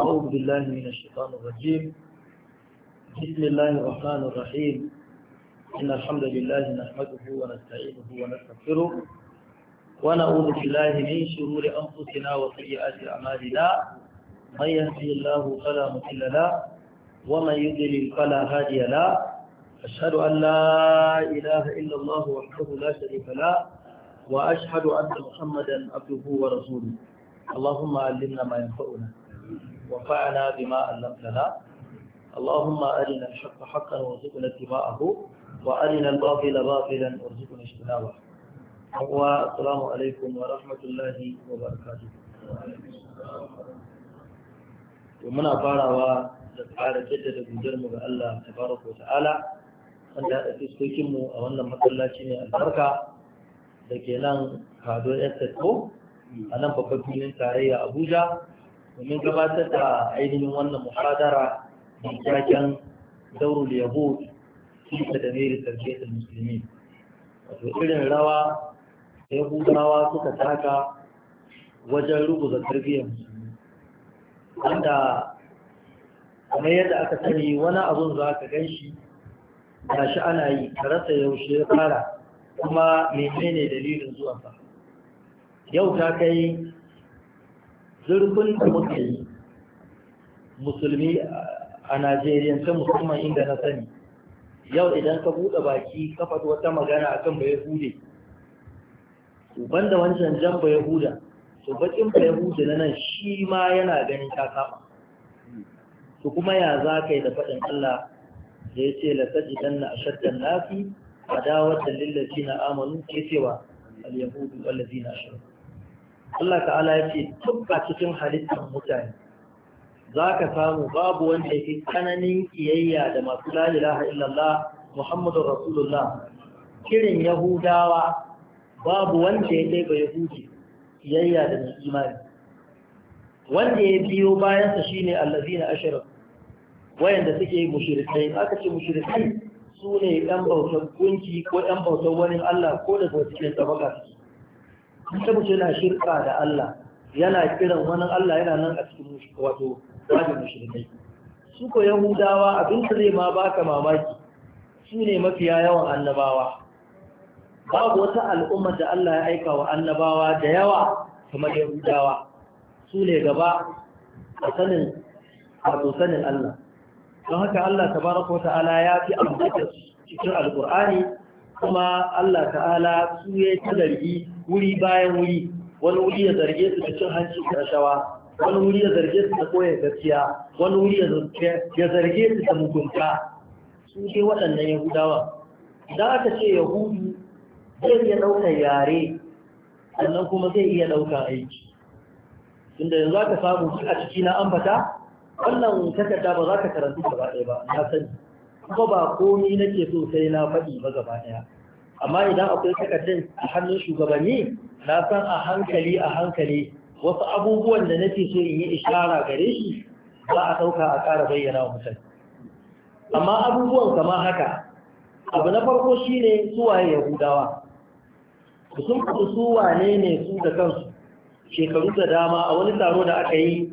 أعوذ بالله من الشيطان الرجيم بسم الله الرحمن الرحيم إن الحمد لله نحمده ونستعينه ونستغفره ونعوذ بالله من شرور أنفسنا وسيئات أعمالنا من يهدي الله فلا مضل له ومن يضلل فلا هادي له أشهد أن لا إله إلا الله وحده لا شريك له وأشهد أن محمدا عبده ورسوله اللهم علمنا ما ينفعنا وفعنا بما علمتنا اللهم أرنا الحق حقا وارزقنا اتباعه وأرنا الباطل باطلا وارزقنا اجتنابه والسلام عليكم ورحمة الله وبركاته ومن farawa da tsara jaddada gudarmu ga Allah tabaraka wa ta'ala wanda ya ɗauki sokinmu a wannan matsalaci ne albarka da ke nan kado ya a nan babban filin tarayya abuja domin gabatar da ainihin wannan muhadara da kyakken daurul yahud da da mai tarbiyyar musulmi wato irin rawa da yahudawa suka taka wajen rubuta tarbiyyar musulmi wanda kamar yadda aka sani wani abun za ka gan shi ga shi ana yi ka rasa yaushe ya fara kuma menene dalilin zuwa zuwansa yau ta kai zurfin da muke yi musulmi a najeriya ta musamman inda na sani yau idan ka buɗe baki ka wata magana akan bai hude banda wancan jan bai huda to bakin bai hude na nan shi ma yana ganin ta kama to kuma ya za ka yi da faɗin Allah da ya ce lasaji dan na ashaddan nafi adawatan lillazi na amanu ke cewa al-yahudu wallazi na Allah ta'ala ya ce duk a cikin halittar mutane za ka samu babu wanda ya fi tsananin kiyayya da masu lalilaha illallah Muhammadu Rasulullah kirin Yahudawa babu wanda ya ɗaiɓa Yahudi kiyayya da mai imani wanda ya biyo bayansa shi ne allazi na ashirin wayanda suke mushirikai aka ce mushirikai su ne ɗan bautan gunki ko ɗan bautar wani Allah ko da sauƙi ne tabaka suke ta mutu yana shirka da Allah yana kiran wani Allah yana nan a cikin wato wajen mushrikai su ko yahudawa abin da zai ma baka mamaki su ne mafiya yawan annabawa babu wata al'ummar da Allah ya aika wa annabawa da yawa kamar yahudawa su ne gaba a sanin wato sanin Allah don haka Allah tabaraka wa ta'ala ya fi cikin Al'ƙur'ani, kuma Allah ta'ala su ya ta zargi wuri bayan wuri wani wuri ya zarge su da cin hanci da rashawa wani wuri ya zarge su da koyar gaskiya wani wuri ya zarge su da mugunta su dai waɗannan yahudawa idan aka ce yahudu zai iya ɗaukar yare sannan kuma zai iya ɗaukar aiki tunda yanzu aka samu shi a ciki na ambata wannan takarda ba za ka karanta gaba ɗaya ba na sani kuma ba komi nake so sai na faɗi ba gaba ɗaya amma idan akwai takardun a hannun shugabanni na san a hankali a hankali wasu abubuwan da nake so in yi ishara gare shi ba a ɗauka a ƙara bayyana wa mutane amma abubuwan kama haka abu na farko shine suwaye yahudawa sun kudu su wane ne su da kansu shekaru da dama a wani taro da aka yi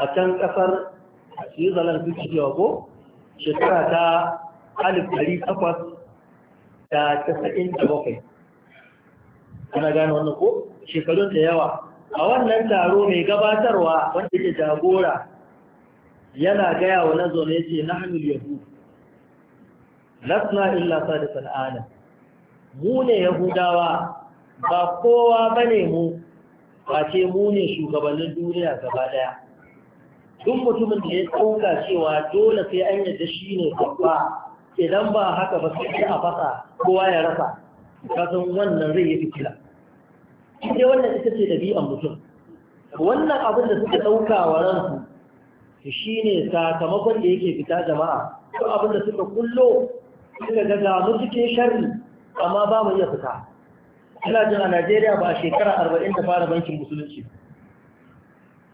a can ƙasar switzerland su ci ko shekara ta alif da tasa'in da bakwai ana gane wannan ko shekarun da yawa a wannan taro mai gabatarwa wanda ke jagora yana gaya wa nazo ne ce na hannun yahu lasna illa sa da sana'ana mu ne yahudawa ba kowa ba ne mu ba ce mu ne shugabannin duniya gaba daya Tun mutumin da ya tsoka cewa dole sai an yadda shi ne babba idan ba haka ba sai a fasa kowa ya rasa kasan wannan zai yi fitila sai wannan ita ce ɗabi'an mutum wannan abin da suka ɗauka wa ransu shi ne sakamakon da yake fita jama'a ko abin da suka kullo suka ga ga cikin sharri amma ba mu iya fita ina jin a Najeriya ba a shekara arba'in da fara bankin musulunci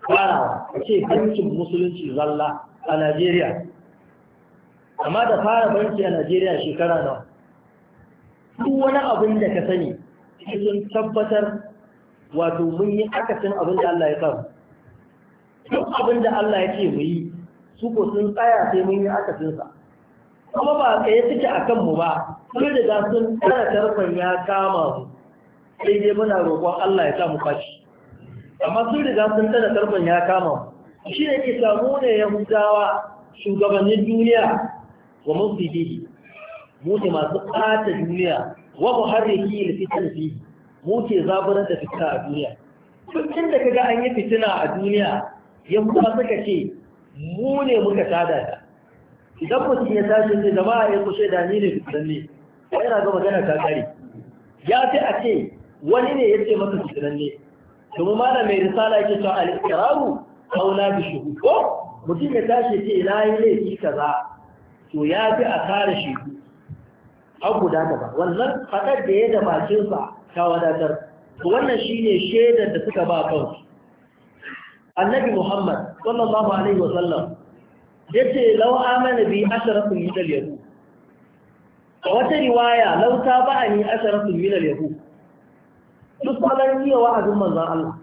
farawa ce bankin musulunci zalla a Najeriya amma da fara banki a najeriya shekara nawa duk wani abin da ka sani sun tabbatar wato mun yi akasin abin da Allah ya samu duk abin da Allah ya ce mu yi su ko sun tsaya sai mun yi akasinsa kuma ba tsaye suke a kanmu ba sun za sun tsara tarfan ya kama mu sai dai muna roƙon Allah ya sa mu fashi amma sun za sun tsara tarfan ya kama mu shi ne ke samu ne yahudawa shugabannin duniya wa mufsidihi mu ne masu ɓata duniya wa muharriki li fitan fihi mu ke zaburar da fitina a duniya tun da kaga an yi fitina a duniya kuma suka ce mu ne muka tada ta idan mutum ya tashi ne jama'a ya kushe da ni ne fitinan ne wai na ga magana ta kare ya fi a ce wani ne ya ce masa fitinan ne domin mana mai risala yake cewa al-iqraru qawla bi shuhud ko mutum ya tashi ce na yi laifi kaza to ya fi a kare shi an guda gaba wannan faɗar da ya bakinsa ta wadatar to wannan shi ne shaidar da suka ba kansu annabi muhammad sallallahu alaihi sallam ya ce lau amana bi asharafin minal yahu a wata riwaya lau ta ba a ni asharafin minal yahu duk yi wa wa'azin manzan Allah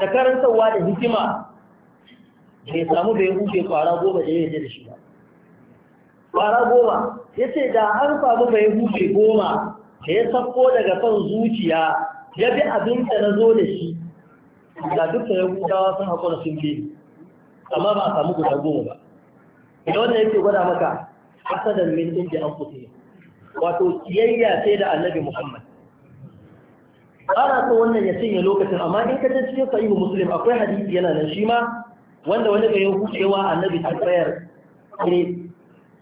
da karantarwa da hikima bai samu bai huce kwara goma da ya da shi ba ƙwara goma ya ce da an samu mai huce goma da ya sako daga son zuciya ya bi abin da na zo da shi da dukkan yahudawa sun haƙura sun bi amma ba a samu guda goma ba Ina wanda yake gwada maka asadar mintin da an ne, wato kiyayya sai da annabi muhammad ana so wannan ya cinye lokacin amma in ka je cikin sahihu muslim akwai hadisi yana nan shi ma wanda wani ga yahudawa annabi ta tsayar ne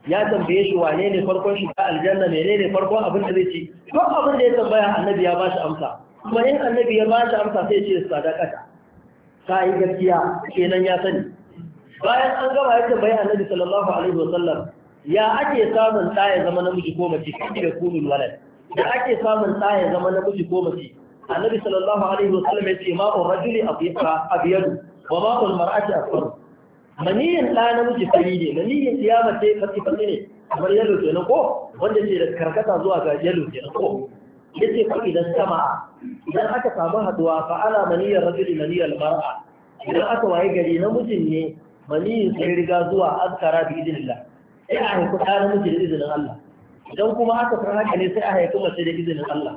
ya tambaye shi wane ne farkon shiga aljanna mene ne farkon abin da zai ci duk abin da ya tambaya annabi ya ba shi amsa kuma in annabi ya ba shi amsa sai ce sadaqata ka yi gaskiya kenan ya sani bayan an gama ya tambayi annabi sallallahu alaihi wa sallam ya ake samun ɗa zama namiji ko mace kake da kunul walad da ake samun ɗa zama namiji ko mace annabi sallallahu alaihi wa sallam ya ce ma'ur rajuli abiyadu wa ma'ul mar'ati asfaru Maniyan ɗa namiji fari ne maniyin ya mace fasi fasi ne kamar yalo na ko wanda ce da karkata zuwa ga yalo kenan ko ce ko idan sama idan aka samu haduwa fa ala maniyyar rajuli maniyyar mar'a idan aka waye gari na namijin ne maniyin sai riga zuwa azkara bi idinillah sai a haiku ɗa namiji da izinin Allah idan kuma aka san haka ne sai a haiku mace da izinin Allah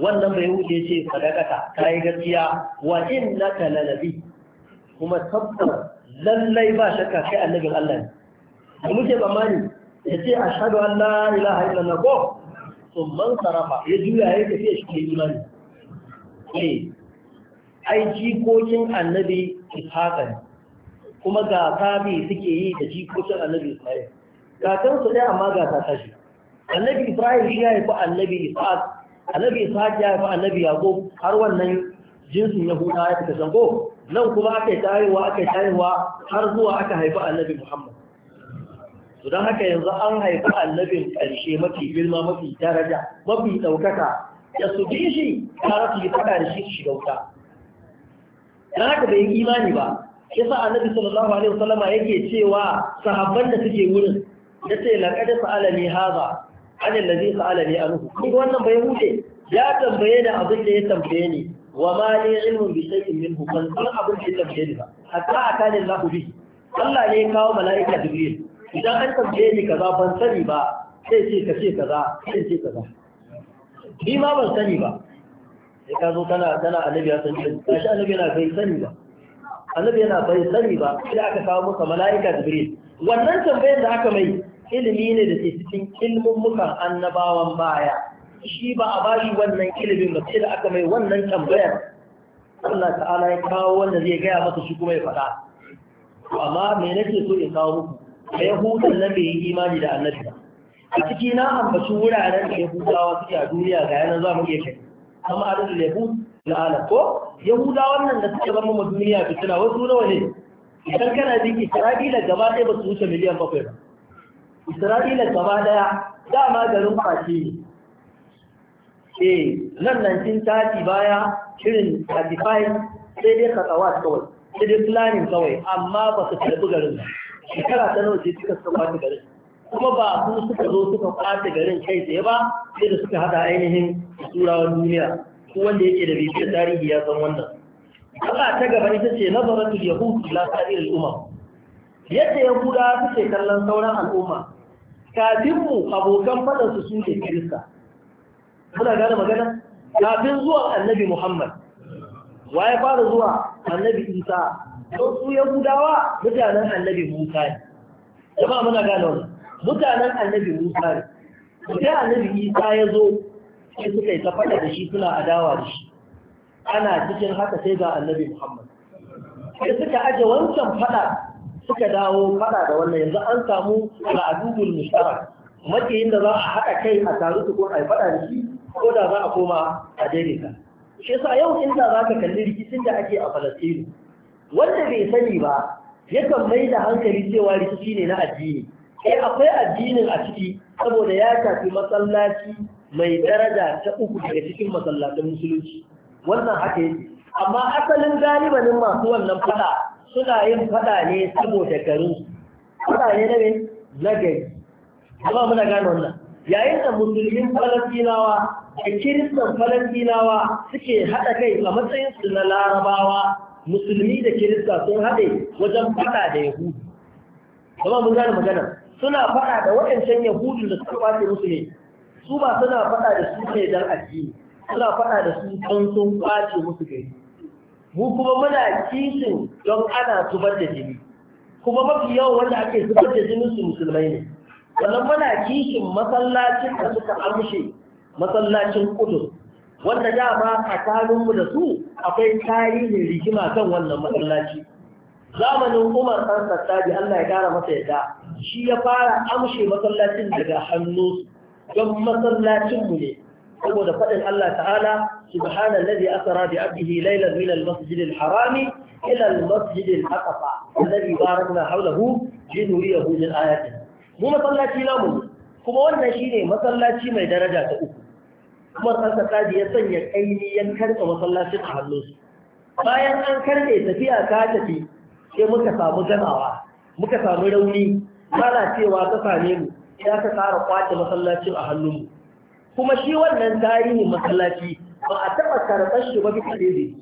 wannan bai wuce ce sadakata kai gaskiya wa innaka lalabi kuma tabbata lallai ba shakka kai annabin Allah ne da muke tsammani ya ce a shaɗu Allah ilaha illallah ko man sarrafa ya juya ya tafiya shi ke imani eh ai jikokin annabi ishaqa ne kuma ga tabi suke yi da jikokin annabi ismail kakan su ne amma ga ta shi annabi ibrahim shi ya haifi annabi ishaq annabi ishaq ya haifi annabi yaqub har wannan jinsin yahuda ya fita zango nan kuma aka yi tarewa aka yi tarewa har zuwa aka haifi annabi muhammad su don haka yanzu an haifi annabin ƙarshe mafi girma mafi daraja mafi ɗaukaka ya su bi shi tare su yi faɗa da shi shiga wuta don haka bai yi imani ba ya sa annabi sallallahu alaihi wasallama yake cewa sahabban da suke wurin ya ce laƙada sa'alani haza an yi lazi sa'alani anhu kuma wannan bai hude ya tambaye da abin da ya tambaye ni wa ma li ilmun bi shay'in minhu ban san abin da ya tafiye ba hatta akani Allahu bi Allah ne ya kawo mala'ika Jibril idan an tambaye ni kaza ban sani ba sai ce ka ce kaza sai ce kaza ni ma ban sani ba sai ka zo kana kana annabi ya san shi kashi annabi yana bai sani ba annabi yana bai sani ba sai aka kawo masa mala'ika Jibril wannan tambayar da aka mai ilimi ne da ke cikin ilmummukan annabawan baya shi ba a bashi wannan ilimin ba sai da aka mai wannan tambayar Allah ta'ala ya kawo wanda zai gaya masa shi kuma ya faɗa amma me nake so in kawo muku a yahudan nan bai yi imani da annabi ba a ciki na ambaci wuraren da yahudawa suke a duniya ga yanar za mu iya kai amma a da yahud na ala ko yahudawan wannan da suka zama ma duniya fitina wasu nawa ne idan kana bin isra'ila gaba ɗaya ba su wuce miliyan bakwai ba isra'ila gaba ɗaya dama garin fashe ne ce eh, nan 1930 baya shirin 35 sai dai katsawa kawai sai dai planning kawai amma ba su karbi garin shekara ta nawa ce suka kwata garin kuma ba su suka zo suka kwata garin kai tsaye ba sai da suka hada ainihin turawan duniya ko wanda yake da bibiyar tarihi ya san wannan Allah ta gaba ita ce nazaratu yahud ila sa'ir al umma yadda yahuda suke kallon sauran al'umma kafin mu abokan fadar su ke kirista muna gane magana kafin zuwa annabi muhammad wa ya fara zuwa annabi isa don su yahudawa mutanen annabi musa ne jama'a muna gane wani mutanen annabi musa ne sai annabi isa ya zo sai suka yi ta da shi suna adawa da shi ana cikin haka sai ga annabi muhammad sai suka aje wancan fada suka dawo fada da wannan yanzu an samu al'adubul mushtara makiyin da za a haɗa kai a taru ko a yi fada da shi ko da za a koma a daidaita shi yasa yau inda za ka kalli rikicin da ake a falastinu wanda bai sani ba yakan mai da hankali cewa rikici ne na addini sai eh, akwai addinin a ciki saboda ya tafi masallaci mai daraja ta uku daga cikin masallatan musulunci wannan haka yake amma asalin galibanin masu wannan fada suna yin fada ne saboda garin fada ne na gari muna gane wannan yayin da musulmin falastinawa A kiristan falasinawa suke haɗa kai a matsayinsu na larabawa musulmi da kirista sun haɗe wajen faɗa da yahudu Kuma mun gane magana suna faɗa da waɗancan yahudu da suka kwace musu ne su ba suna faɗa da su kai don addini suna faɗa da su don sun kwace musu gari mu kuma muna kishin don ana zubar da jini kuma mafi yawan wanda ake zubar da jinin su musulmai ne sannan muna kishin masallacin da suka amshe masallacin kudus wanda da a tsakaninmu da su akwai tarihin rigima kan wannan masallaci zamanin umar ɗan sattabi allah ya ƙara masa yadda shi ya fara amshe masallacin daga hannu don masallacinmu ne saboda faɗin allah ta'ala subhanallazi asara bi abdihi laylan min al-masjid al-haram ila al-masjid al-aqsa alladhi barakna hawlahu linuriyahu min ayatin mu masallaci namu kuma wannan shine masallaci mai daraja ta uku Kuma Umar ka Kasabi ya sanya ƙaini ya karɓe masallacin a hannunsu. Bayan an karɓe tafiya ta tafi sai muka samu ganawa, muka samu rauni, lalacewa ta same mu, ya ka tsara kwace masallacin a hannunmu. Kuma shi wannan tarihin masallaci ba a taɓa karɓar shi ba bisa ɗaya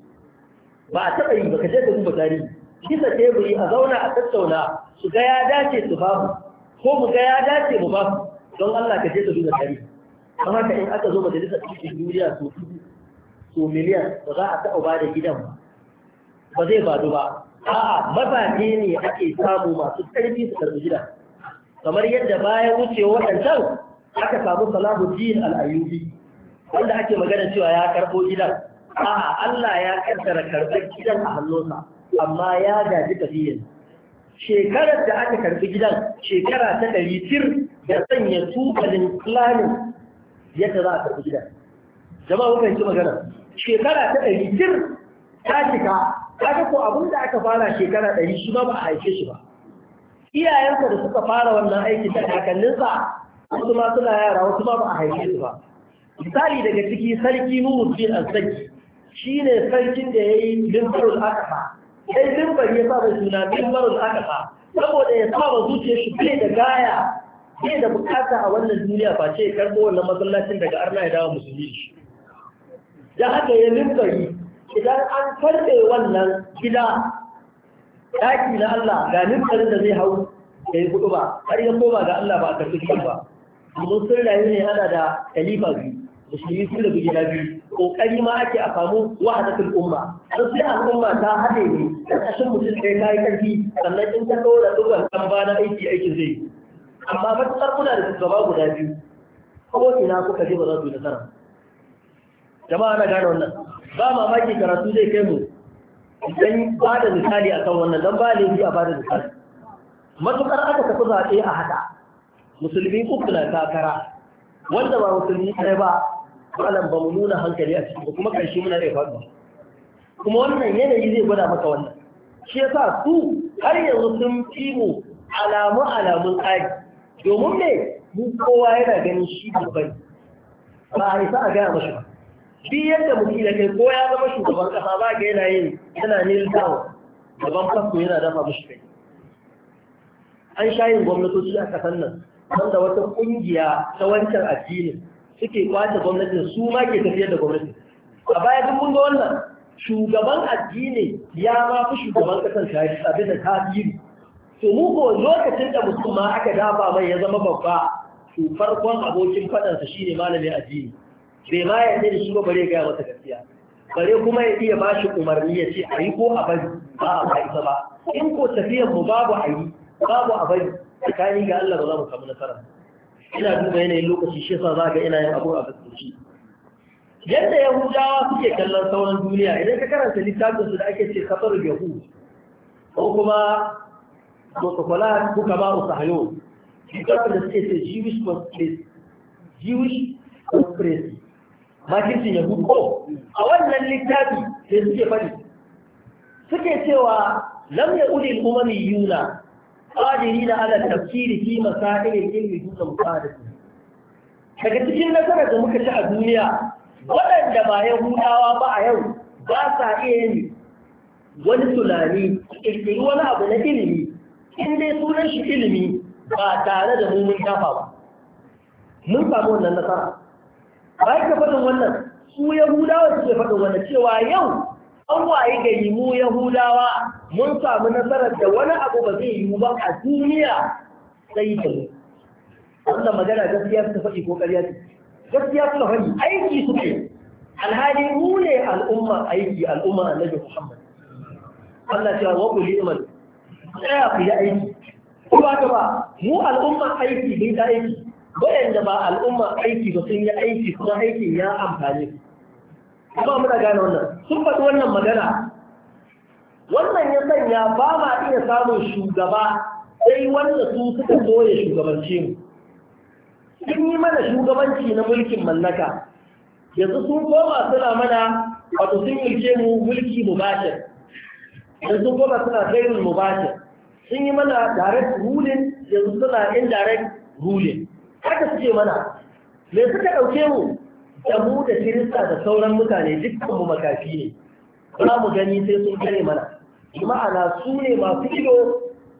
Ba a taɓa yi ba ka je ka duba tarihi. Bisa teburi a zauna a tattauna su ga ya dace su babu ko mu ga ya dace mu babu don Allah ka je ka duba tarihi. don in aka zo majalisar ɗinkin duniya so dubu so miliyan ba za a taɓa ba da gidan ba zai badu ba a'a mazaje ne ake samu masu ƙarfi su karɓi gidan kamar yadda bayan wucewa waɗancan aka samu jin al'ayubi wanda ake magana cewa ya karɓo gidan a'a Allah ya kaddara karɓar gidan a hannunsa amma ya gaji tafiyin shekarar da aka karɓi gidan shekara ta ɗari tir da sanya tubalin planning yadda za a karɓi gidan jama kuka yi magana shekara ta ɗari jir ta cika ga ko abin da aka fara shekara ɗari shi ba ba a haife shi ba iyayensa da suka fara wannan aikin da kakanninsa wasu ma suna yara wasu ma ba a haife su ba misali daga ciki sarki muhuddin al-sarki shi ne sarkin da ya yi limbarul akasa sai limbar ya saba suna limbarul akasa saboda ya saba zuciya shi bai da gaya bai da bukata a wannan duniya ba ce karbo wannan masallacin daga arna ya dawo musulmi shi da haka ya limbari idan an karbe wannan gida daki na Allah ga limbarin da zai hau ya yi hudu ba har ya koma ga Allah ba a karbi shi ba domin sun rayu ne ana da khalifa biyu musulmi sun rabu gida biyu kokari ma ake a samu wahadatul umma har sai al'umma ta haɗe ne ƙarƙashin mutum ɗaya ta yi karfi sannan in ta ɗora ɗugan ɗan ba na aiki aikin zai yi. amma matuƙar kuna da shugaba guda biyu ko ina kuka ji ba za su yi nasara jama'a na gane wannan ba mamaki karatu zai kai mu idan ba da misali akan wannan don ba laifi a ba da misali matuƙar aka tafi zaɓe a haɗa musulmi uku na takara wanda ba musulmi ɗaya ba malam ba mu nuna hankali a cikin kuma ƙarshe muna da faɗuwa kuma wannan yanayi zai gwada maka wannan shi yasa su har yanzu sun fi mu alamu alamun tsari domin ne mu kowa yana ganin shi babbai ba a isa a gaya mashi ba duk yadda mu da kai ko ya zama shugaban kasa ba ga yana yin yana nil down gaban yana dafa mashi kai an sha yin gwamnatoci a kasar nan wanda wata kungiya ta wancan addinin suke kwace gwamnatin su ma ke tafiyar da gwamnati. a baya duk mun ga wannan shugaban addini ya ma fi shugaban kasar shari'a bisa tasiri to mu ko lokacin da musulma aka dafa mai ya zama babba to farkon abokin fadansa shine malamin addini bai ma yarda da shi ba bare ga masa gaskiya bare kuma ya iya ba shi umarni ya ce a yi ko a bari ba a ba ba in ko tafiyar mu babu a yi babu a bari tsakani ga Allah ba za mu samu nasara ina duba yanayin lokaci shi yasa za ga ina yin abu a gaskiya yadda yahudawa suke kallon sauran duniya idan ka karanta littafinsu da ake ce kafar yahud ko kuma protocolat buka ba u sahayo shekarar da suke ce jewish conspiracy jewish conspiracy makircin yahudu ko a wannan littafi sai suke faɗi suke cewa lam ya ulil umami yuna qadirina ala tafkiri fi masail ilmi dun muqaddas daga cikin nasarar da muka ci a duniya waɗanda ba yahudawa ba a yau ba sa iya yin wani tunani ƙirƙiri wani abu na ilimi in dai sunan shi ilimi ba tare da mu mun ba mun samu wannan nasara Ba ka faɗin wannan su yahudawa suke faɗin wannan cewa yau an waye gari mu yahudawa mun samu nasarar da wani abu ba zai yiwu ba a duniya sai da mu wannan magana gaskiya suka faɗi ko ƙarya ce gaskiya suka faɗi aiki suke alhali mu ne al'umma aiki al'umma annabi muhammad Allah ya wa kulli iman tsaya ku yi aiki ku ba ba mu al'umma aiki mun ta aiki waɗanda ba al'umma aiki ba sun yi aiki kuma aikin ya amfani Kuma muna gane wannan sun faɗi wannan magana wannan ya sanya ba ma iya samun shugaba sai wanda su suka zo ya shugabanci mu sun yi mana shugabanci na mulkin mallaka yanzu sun koma suna mana wato sun mulke mu mulki mubashir yanzu koma suna kairin mubashir sun yi mana direct ruling yanzu suna indirect ruling haka suke mana me suka ɗauke mu da mu da kirista da sauran mutane dukkan mu makafi ne ba mu gani sai sun kare mana ma'ana su ne masu ido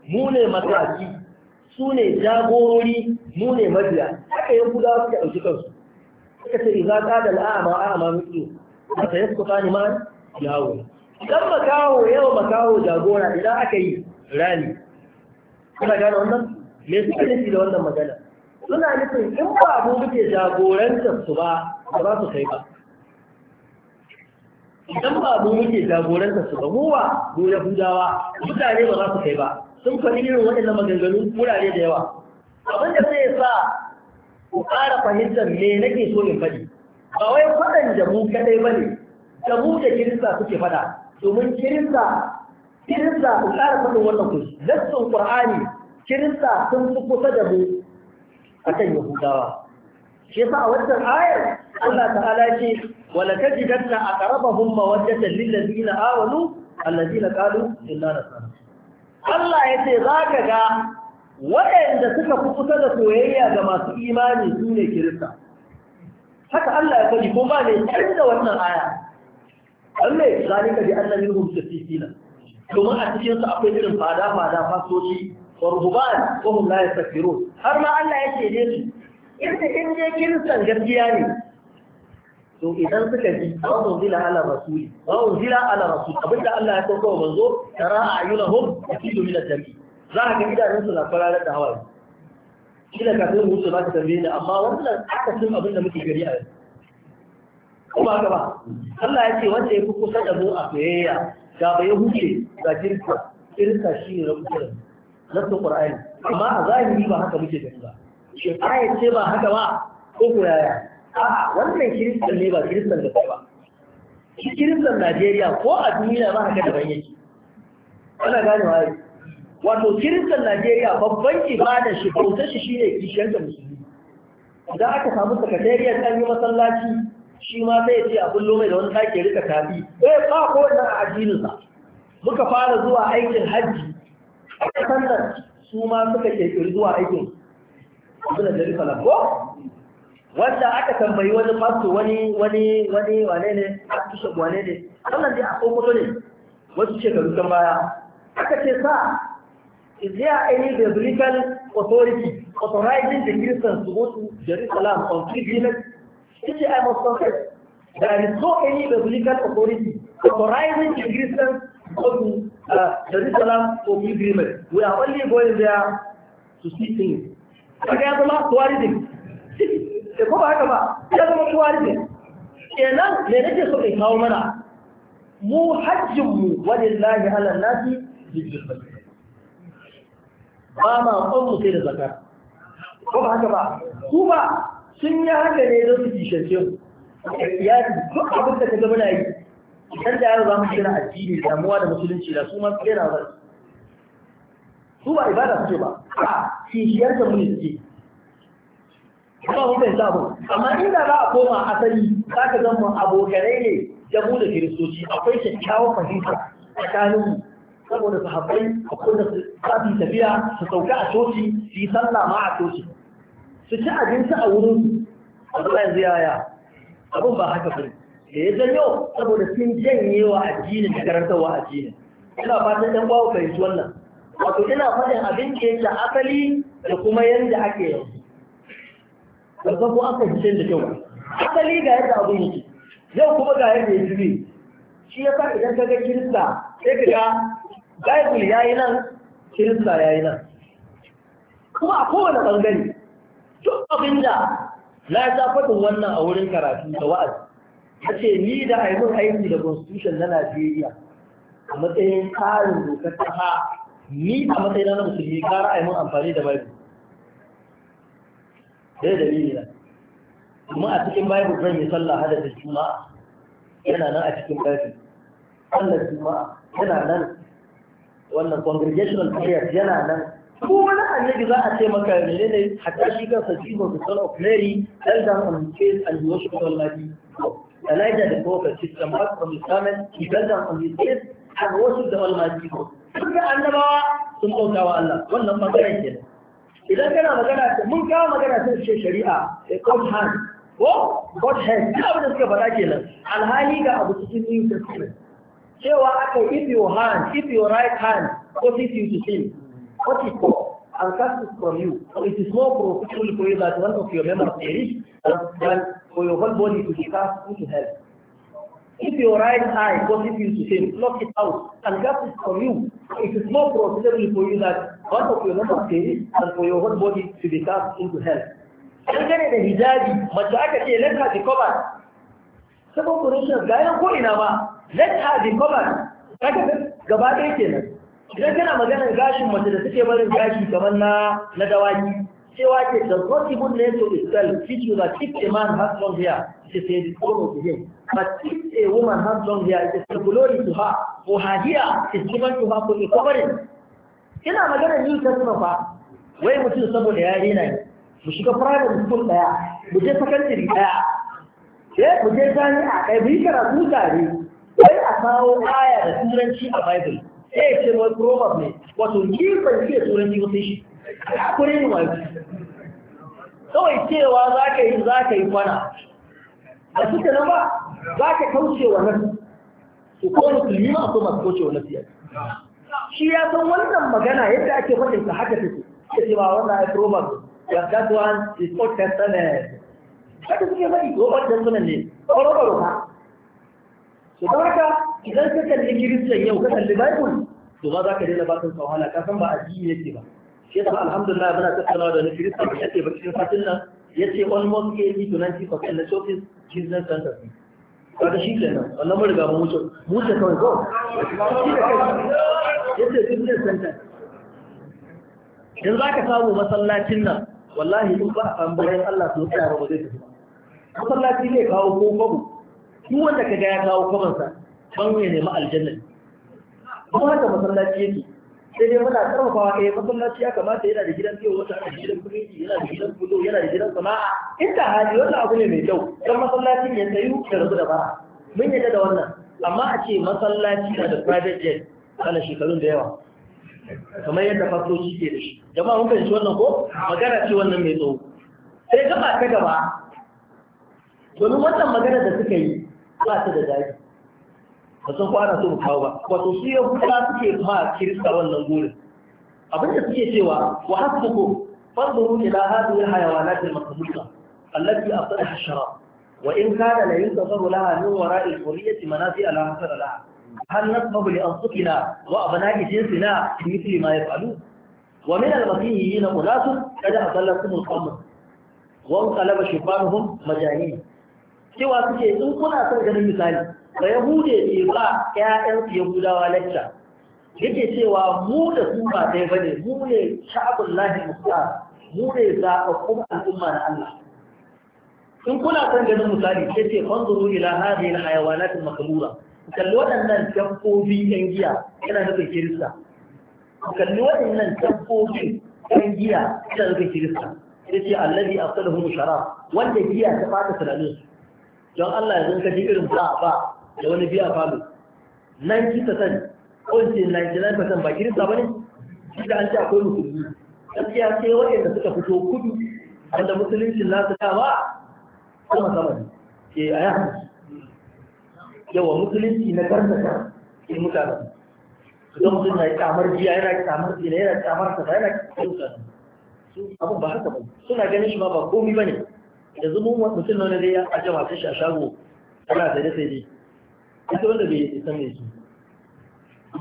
mu ne makafi su ne jagorori mu ne mabiya haka yan guda suka dauki kansu suka ce za ka da la'ama a'ama mutu ba ta yasku kani ma yawo idan makawo yawa makawo jagora idan aka yi rani kuna gane wannan me suke nufi da wannan magana suna nufin in ba mu suke jagorantar su ba ba za su kai ba idan ba mu muke jagorantar su ba mu ba mu yahudawa mutane ba za su kai ba sun faɗi irin waɗannan maganganun wurare da yawa abin da zai sa ku ƙara fahimtar me nake so in faɗi ba wai faɗan da mu kaɗai ba ne da mu da kirista suke faɗa domin kirista kirista ku ƙara sanin wannan ku nassun qur'ani kirista sun fi kusa da mu a akan yahudawa shi yasa a wannan ayar Allah ta'ala ce wala tajidanna aqrabahum mawaddatan lil ladina amanu alladina qalu inna nasara Allah yace zaka ga waɗanda suka fi kusa da soyayya ga masu imani su ne kirista haka Allah ya faɗi ko ba ne tsarin da wannan aya Allah ya zalika bi annabi hum tasifina domin a cikinsu akwai irin fada fada fasoci wa ruhban wa hum Safiro. har ma Allah ya ce dai su in da in je kirsan gaskiya ne to idan suka ji wa unzila ala rasuli wa unzila ala rasul abinda Allah ya sauka wa manzo tara ayunahum tafidu min al-jami za ka ga idanun su na fararar da hawaye kila ka sai mutu za ka tambaye ni amma wannan akasin abin da muke gari a yau. Kuma haka ba Allah ya ce wanda ya fi kusa da mu a soyayya ga ba ya huce ga kirka kirka shi ne rubutun nasu qur'ani amma a zahiri ba haka muke gani ba shi ayat ce ba haka ba ko kuraya a wannan kiristan ne ba kiristan da ba shi kiristan Najeriya ko a duniya ba haka daban yake ana gane wa wato kiristan Najeriya babban ibada shi bauta shi shine kishiyar da musulmi idan aka samu sakatariyar an yi masallaci shi ma zai ya ce abin lomai da wani sake rika tafi bai eh, ba ko wannan a addininsa muka fara zuwa aikin hajji a ƙasar nan su ma suka ƙirƙiri zuwa aikin abin da rufa ko wanda aka tambayi wani fasto wani wani wani wane ne archbishop wane ne wannan dai a kokoto ne wasu shekaru kan baya aka ce sa is there any biblical authority authorizing the Christians to go to Jerusalem on three He said, I must confess, there is no any biblical authority authorizing the Christians go to uh, Jerusalem for pilgrimage. We are only going there to see things. Kaga ya zama tourism. Da ko haka ba, ya zama tourism. Kenan me nake so in kawo mana? Mu hajjin mu walillahi ala nasi hijjul masjid. Ba ma kon mu sai da zakka. Ko ba haka ba? Ku ba sun yi haka ne don su kishance mu. Ya duk abin da ka zama na yi idan da yaro za mu kira addini damuwa da musulunci da su ma su kera ba su ba ibada suke ba a kishiyar da muni suke Kuma mun bai samu. amma inda za a koma asali za ka zama abokanai ne da mu da kiristoci akwai kyakkyawar fahimta tsakanin mu saboda su haɓai akwai da su tsafi tafiya su sauka a coci su yi sallah ma a coci su ci abinci a wurin su a zuwa yanzu yaya abin ba haka bane da ya zanyo? saboda sun janye wa addinin da karantarwa addinin ina fatan ɗan bawa fahimci wannan wato ina fatan abin da yake asali da kuma yadda ake yau. ba ko aka fice da kyau asali ga yadda abin yake yau kuma ga yadda ya zube shi ya sa idan ka ga kirista sai ka ga bible ya yi nan kirista ya yi nan kuma a kowane ɓangare duk abin da na ya faɗin wannan a wurin karatu da wa'azi ta ni da aimun aiki da constitution na najeriya a matsayin tsarin dokar ƙasa ni a matsayin na musulmi kara aimun amfani da bible da dalili ne. kuma a cikin bible zan mai sallah hada da juma'a yana nan a cikin bible sallar juma'a yana nan wannan congregational prayer yana nan ko wani annabi za a ce maka mene ne hatta shi kansa Jesus the son of Mary elder down on his face and worship of Almighty Elijah the prophet should come out from his garment, he fell down on his face and worshipped the Almighty God. Duka annabawa sun bauta wa Allah, wannan bangaren ke Idan kana magana ta mun kawo magana ta ce shari'a, a court hand, ko court hand, duk abin da suka faɗa kenan. Alhali ga abu cikin New Testament. Cewa aka if your hand, if your right hand, causes you to what is for? And cast it from you. So it is more profitable for you that one of your members perish than for your whole body to become into health. If your right eye causes you to say block it out, and that is for you. It is more profitable for you that part of your normal sins and for your whole body to be cast into An gane da hijabi, mace aka ce let her be covered. Saboda rashin ga 'yan ko'ina ba, let her be covered. Kaga gaba ɗaya kenan. Idan kana maganar gashin mace da suke barin gashi kamar na na dawaki, cewa ke the possible nature itself teaches that if e man has long hair, it is a dishonour to him. But if a woman has long hair, it is a glory to ha for her hair is given to her for recovering. Ina magana ta Testament fa, wai mutum saboda ya rena ne, mu shiga private school ɗaya, mu je secondary ɗaya, eh mu je jami'a a mu yi karatu tare, wai a kawo aya da turanci a Bible, sai ya ce wai proverb ne, wato ni ban iya turanci ba sai shi. hakuri ne kawai cewa za ka yi za ka yi kwana a suka nan ba za ka kauce wa nan su kawai musulmi ma su masu kauce wa nasiyar shi ya san wannan magana yadda ake faɗin ka haka take ya ce ba wannan Ya proverb but that one is old testament haka suke faɗi ko old testament ne ƙwarƙwaro ka su don haka idan ka kalli kiristan yau ka kalli bible to ba za ka daina ba sun wahala ka san ba addini yake ba shi yasa alhamdulillah muna tattaunawa da wani kirista da yake barcin fatin nan ya ce almost 80 to 90% na shopping business center kaga shi kenan wannan mun riga mun wuce mun kawai ko Ya ce kai yace business center yanzu aka samu masallacin nan wallahi in ba an bayan Allah su tsaya ba zai tafi masallaci ne kawo ko babu duk wanda kaga ya kawo kamansa ban ya nemi aljanna ko haka masallaci yake sai dai muna a eh masallaci ya kamata yana da gidan biyo wata da gidan biriji yana da gidan bulo yana da gidan sana'a inda hali wata abu ne mai kyau dan masallacin ya tsayu da rabu da ba mun yadda da wannan amma a ce masallaci na da private jet kana shekarun da yawa kamar yadda fasoci ke da shi jama'a mun fahimci wannan ko magana ce wannan mai tsawo sai gaba ta gaba domin wannan magana da suka yi ba ta da daji ba san kwana so kawo ba wato su ya kuma suke ma kirista wannan gurin abin da suke cewa wa hasbuku fanzuru ila hadhihi alhayawanat almaqbusa allati afsadaha ash-shara wa in kana la yuntazaru laha min wara'i al-hurriyyati manafi'a la hasara laha هل نسمح لأنفسنا وأبناء جنسنا مثل ما يفعلون ومن المسيحيين أناس قد أضلتهم القمر وانقلب شبانهم مجانين cewa suke in kuna son ganin misali ba yahude ne ba ƴaƴansu gudawa lacca yake cewa mu da su ba ɗaya ba ne mu ne sha'abun lahi musa mu ne zaɓaɓɓun al'umma na Allah in kuna son ganin misali sai ce fanzuru ila hadhihi alhayawanat almakhluqa kalli waɗannan dabbobi ɗan giya yana nufin kirista kalli waɗannan dabbobi ɗan giya yana nufin kirista ya ce allazi afsalahu sharaf wanda giya ta fata tunanin don Allah ya zanka ji irin ba ba da wani biya falo 90% kawance 99% ba kirista ba ne shi da an ce akwai musulmi gaskiya sai waɗanda suka fito kudu wanda musuluncin nasu dama sama sama ne ke a yaha yawa musulunci na karnata ke mutane don mutum na kamar jiya yana kamar jiya yana kamar sa yana kamar su abin ba haka ba suna ganin shi ma ba komi ba ne da zubin mutum na wani zai ya ajiye masu shi a shago ana sai da sai dai ita wanda bai isa mai su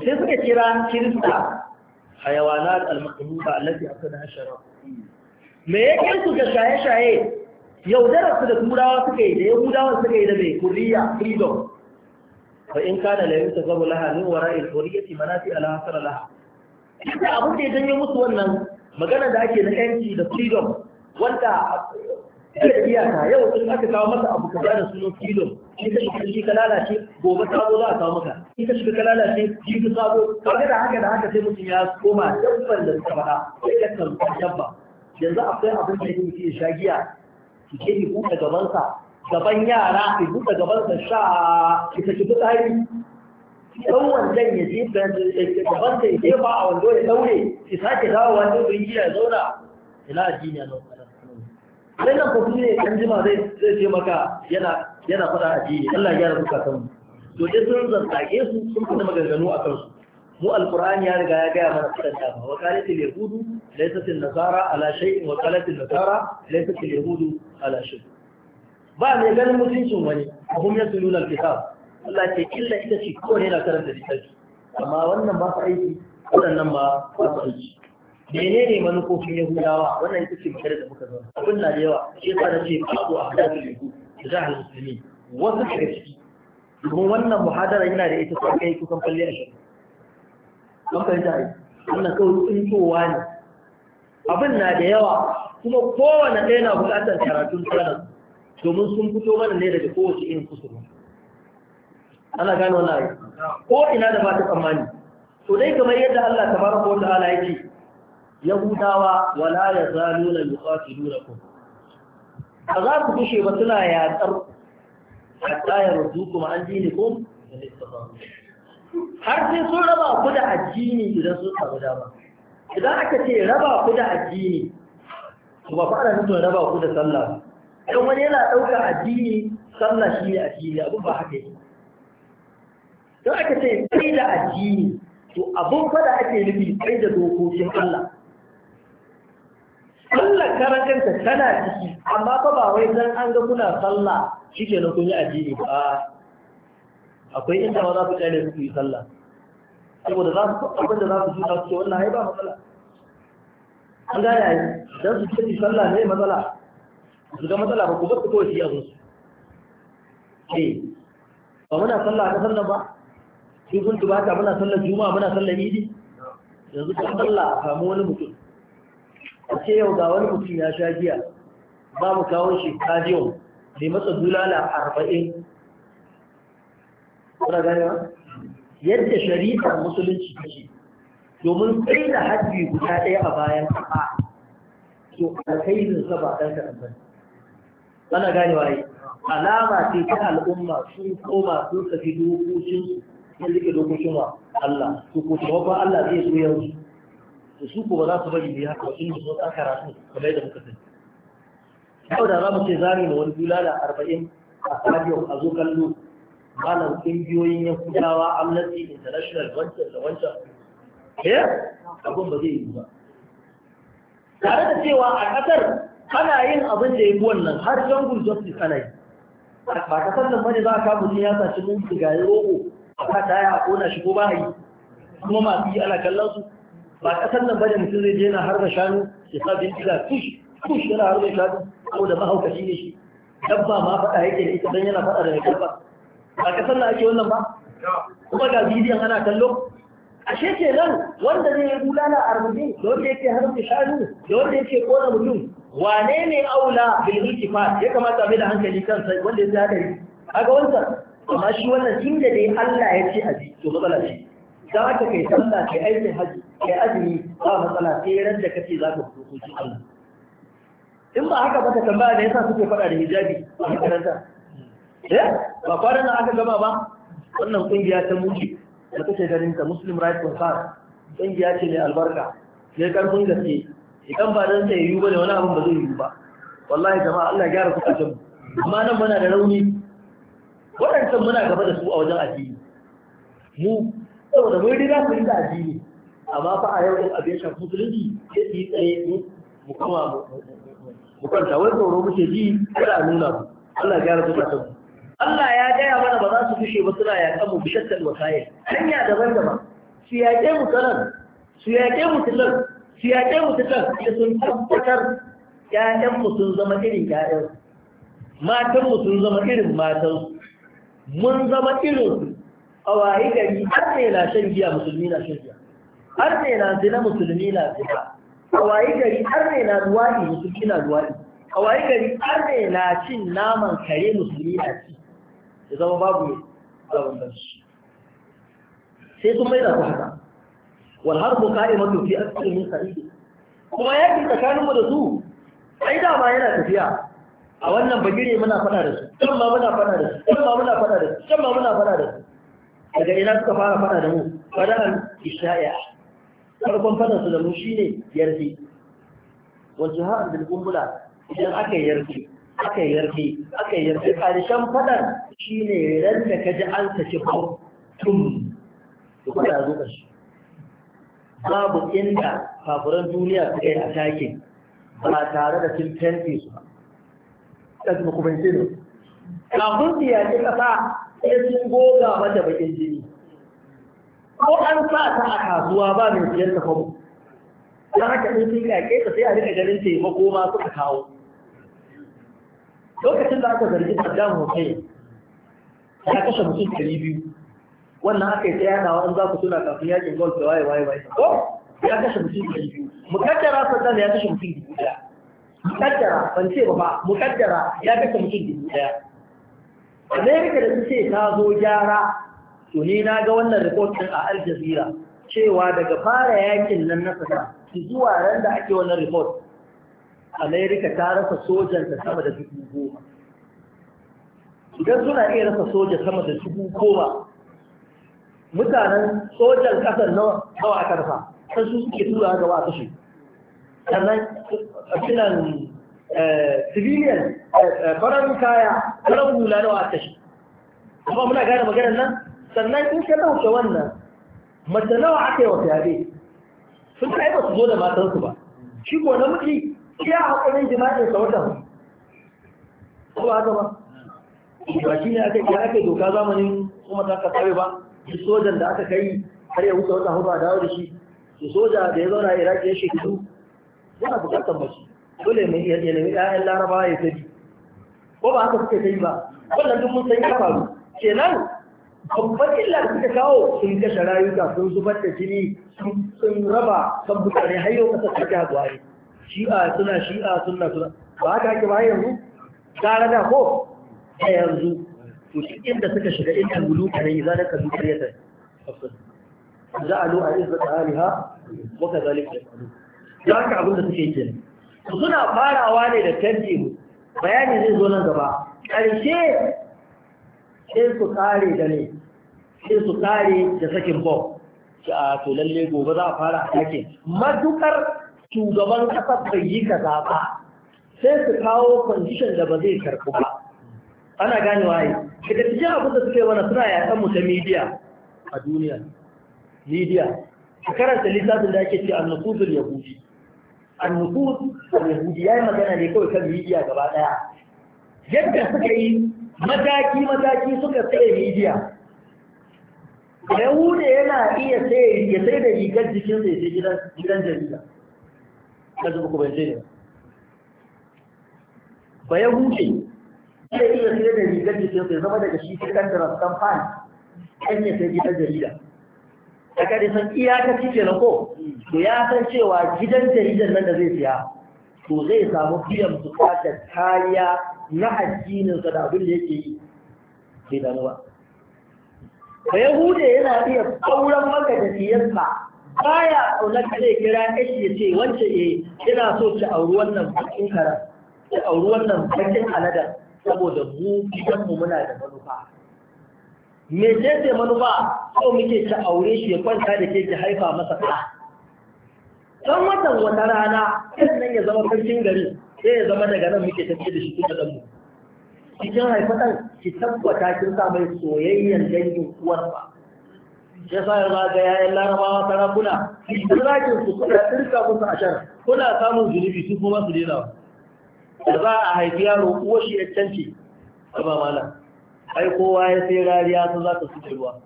sai suka kira kirista hayawanat al-mahmuda allati akada me su ga shaye-shaye yaudarar su da turawa suka yi da yahudawa suka yi da mai kuriya freedom fa in kana la yutazabu laha min wara'il huriyati manasi ala hasara laha ita abin da ya janyo musu wannan magana da ake na yanci da freedom wanda ake iyaka yau sun aka kawo masa abu kaza da sunan freedom in ka shiga ciki ka lalace gobe sabo za a kawo maka in ka shiga ka lalace jibi sabo kaga da haka da haka sai mutum ya koma dabban da suka faɗa sai ya karɓi dabba yanzu akwai abin da yake mutum ya sha giya ki ke ki buɗe gabansa gaban yara ki buɗe gabansa sha ki saki fitsari ɗan wancan ya je gabansa ya jefa a wando ya ɗaure ki sake dawo wando bin giya ya zauna ina addini a nan. Wannan fa ne an jima zai ce maka yana yana faɗa a jini Allah ya rabu kakan mu to dai sun zantsage su sun faɗi maganganu a kansu mu alqur'ani ya riga ya gaya mana kidan da wa qalatil yahudu laysat an-nasara ala shay'in wa qalatil nasara laysat al-yahudu ala shay' ba mai ganin mutuncin wani abun ya sulul al Allah ce illa ita ce kowane yana karanta littafi amma wannan ba su aiki waɗannan ba ba su aiki menene manufofin yahudawa wannan ita ce magana da muka zauna abin na da yawa shi yasa na ce babu a hadatul yahud jihar musulmi wasu daga ciki domin wannan muhadara yana da ita ta kai kusan falle a shirin an fahimta ai wannan kawai tsintowa ne abin na da yawa kuma kowane ɗaya na buƙatar karatun tsarin domin sun fito mana ne daga kowace irin kusurwa ana gane wani yi. ko ina da ba ta tsammani to dai kamar yadda Allah tabaraka wa ala yake yahudawa wala nuna kuma ba za ku gushe ba suna yatsar a tsayar su kuma an dini ko har sai sun raba ku da addini idan sun samu dama idan aka ce raba ku da addini to ba fara nufin raba ku da sallah idan wani yana ɗaukar addini sallah shi ne addini abin ba haka yake don aka ce kai da addini to abin fa da ake nufi kai da dokokin Allah sallar karatanta tana ciki amma fa ba wai zan an ga kuna sallah shi ke na kunyi addini ba akwai inda ma za ku kyale su yi sallah saboda za su abinda za su shuka su ce wannan ai ba matsala an ga yayi, dan su ce sallah ne matsala su ga matsala ba ku ba ku kawai shi abin su eh ba muna sallah a ƙasar nan ba shi kun dubata muna sallar juma'a muna sallar idi yanzu ka sallah a samu wani mutum a ce yau ga wani mutum ya sha giya za mu kawo shi stadium bai dulala a arba'in kuna ba yadda shari'ar musulunci ce domin kai da hajji guda ɗaya a bayan ƙafa to alkhairin sa ba ɗan kaɗan ba gani ganewa yi alama ce ta al'umma sun koma sun tafi dokokin sun rike dokokin wa Allah to ko taimakon Allah zai so yanzu to su ko ba za su bari da haka in su ta karatu kamar da muka sani yau da za mu ce zami ma wani bulala arba'in a stadium a zo kallo malam ƙungiyoyin yahudawa amnesty international wancan da wancan ya eh? abin ba zai yi ba tare da cewa a ƙasar ana yin abin da ya yi wannan har jungle justice ana yi ba kasar nan bane za a samu mutum ya saci mun ga roƙo a kata ya kona shi ko ba yi kuma masu yi ana kallon su ba ƙasar nan bane mutum zai je yana harba shanu ya sa bin kila kush kush yana harba shanu ko da mahaukaci ne shi dabba ma faɗa yake da ita don yana faɗa da dabba. ba ƙasar nan ake wannan ba kuma ga bidiyon ana kallo ashe ke nan wanda zai na arba'in da wanda yake harba shanu da wanda yake kona mutum wane ne aula bil iltifat ya kamata mai da hankali kan sai. wanda ya zai hadari ga wancan amma shi wannan inda dai Allah ya ce a ji to matsala ce za ka kai sallah kai aikin haji kai azumi ba matsala sai ran da kace za ka fito ko koki Allah in ba haka ba ta tambaya da yasa suke faɗa da hijabi a makaranta eh ba kwanan nan aka gama ba wannan kungiya ta muji da kace ganin ta Muslim Rights Concern kungiya ce mai albarka ne karfin gaske idan ba dan sai yiwu ba da wani abin ba zai yiwu ba wallahi jama'a Allah ya gyara kuka amma nan muna da rauni waɗancan muna gaba da su a wajen addini mu saboda mun su yi da addini amma fa a yau din abin shan musulunci sai su yi tsaye ne mu kama mu kwanta wani tsoro muke ji kada a nuna mu Allah ya rabu da mu Allah ya gaya mana ba za su fushe ba suna yaƙa mu bishattal wasayil hanya daban-daban su yaƙe mu sanan su yaƙe mu tilan su yaƙe mu tilan sai sun tabbatar ƴaƴanmu sun zama irin ƴaƴansu matanmu sun zama irin matansu mun zama irinsu a gari har ne na shan giya musulmi na shan giya har ne na zina musulmi na zina Kawai gari har ne na ruwaɗi musulmi na ruwaɗi Kawai gari har ne na cin naman kare musulmi na ci ya zama babu ne a shi sai sun mai da ku haka wal harbu qa'imatu fi asli min sa'idi kuma yaki tsakanin mu da su ai da ma yana tafiya a wannan bagire muna fada da su kan ma muna fada da su kan ma muna fada da su kan ma muna fada da su daga ina suka fara fada da mu fada'an isha'i'a farkon fadar su da mu shine yarfi wajen ha'an da kumbula idan aka yarfi aka yarfi aka yarfi karshen fadar shine ran da ka ji an saki ko tum to fada zo kashi babu inda kafuran duniya su kai atake ba tare da sun fenti su ba kasu kuma ne kafin su yaƙi ƙasa sai sun goga mata bakin jini ko an sa ta a kasuwa ba mai siyan ta famu ta haka sun sun yaƙe ta sai a rika ganin taimako ma suka kawo lokacin da aka zargi Saddam Hussein ya kashe mutum ɗari biyu wannan aka yi ta yanawa in za ku tuna kafin yakin golf da waye waye waye ko ya kashe mutum ɗari biyu mukaddara Saddam ya kashe mutum dubu ɗaya mukaddara ban ce ba mukaddara ya kashe mutum dubu ɗaya amerika da suke ta zo gyara to ni na ga wannan rikotin a al jazeera cewa daga fara yakin nan na su zuwa ran da ake wannan report amerika ta rasa sojan ta sama da dubu goma idan suna iya rasa soja sama da dubu goma mutanen sojan kasar nawa nawa a karfa sai su suke tura gaba a kashe sannan filan Eh, civilian eh, eh, farar kaya farar hula nawa aka shi Kuma muna gane maganar nan sannan in ka ɗauke wannan mace nawa aka yi wa fyaɗe sun kai ba su zo da matansu ba shi ko na ya iya haƙurin jima'in sa wata ko ba haka ba ba shi ne aka kira aka doka zamanin kuma ta ka tsare ba shi sojan da aka kai har ya wuce wata hudu a dawo da shi shi soja da ya zauna iraki ya shekaru yana bukatar mace dole mai iya nemi ƴaƴan larabawa ya tabi ko ba haka suke yi ba wannan duk mun san ya faru kenan babban illa da suka kawo sun kashe rayuka sun zubar da jini sun raba kan mutane har yau kasar ta ja gwari shi'a suna shi'a suna suna ba haka ake ba yanzu gara da ko a yanzu to shi inda suka shiga inda gulu kare da ka kazu kare ta za a lo a izza ta haliha waka zalika da haka abin da suke kenan suna farawa ne da tarjihu bayani zai zo nan gaba ƙarshe sai su kare da ne sai su kare da sakin bom shi a tolan lalle gobe za a fara a yake madukar shugaban ƙasar bai yi ka zaɓa. sai su kawo kwanishin da ba zai karɓi ba ana gane waye daga cikin abin da suke wani suna ya mu ta midiya a duniya midiya a karanta littafin da ake ce annukuzul yahudi annufus al-yahudi yi magana ne kawai kan media gaba daya yadda suka yi mataki mataki suka saye media yahudi yana iya sai ya sai da rigar jikin sai sai gidan jarida kaza ku ban sai ba yahudi zai iya sai da rigar jikin sai zama daga shi sai kan da rastan fan kan ya sai gidan jarida daga da san iyakaci ke na ko to ya san cewa gidan jaridar nan da zai siya to zai samu biyan bukatar kariya na addininsa da abin da yake yi bai damu ba ba yahude yana iya sauran maka da siyarsa baya ya ka zai kira kashi ya ce wance eh ina so ki auri wannan bakin karan ki auri wannan bakin aladar saboda mu gidanmu muna da manufa me ce ce manufa ko muke ta aure shi ya kwanta da ke ki haifa masa ɗa dan watan wata rana nan ya zama sarkin gari sai ya zama daga nan muke tafiye da shi kuma dan mu cikin haifatan ki tabbata kin sa mai soyayyen dangin uwar ba ya sa yarda ga yayin larabawa sarakuna sarakin su suna tsirka musu ashar kuna samun zunubi su kuma su dena da za a haifi yaro uwar shi ya canci ba mala ai kowa ya sai rariya sun za ta suke ruwa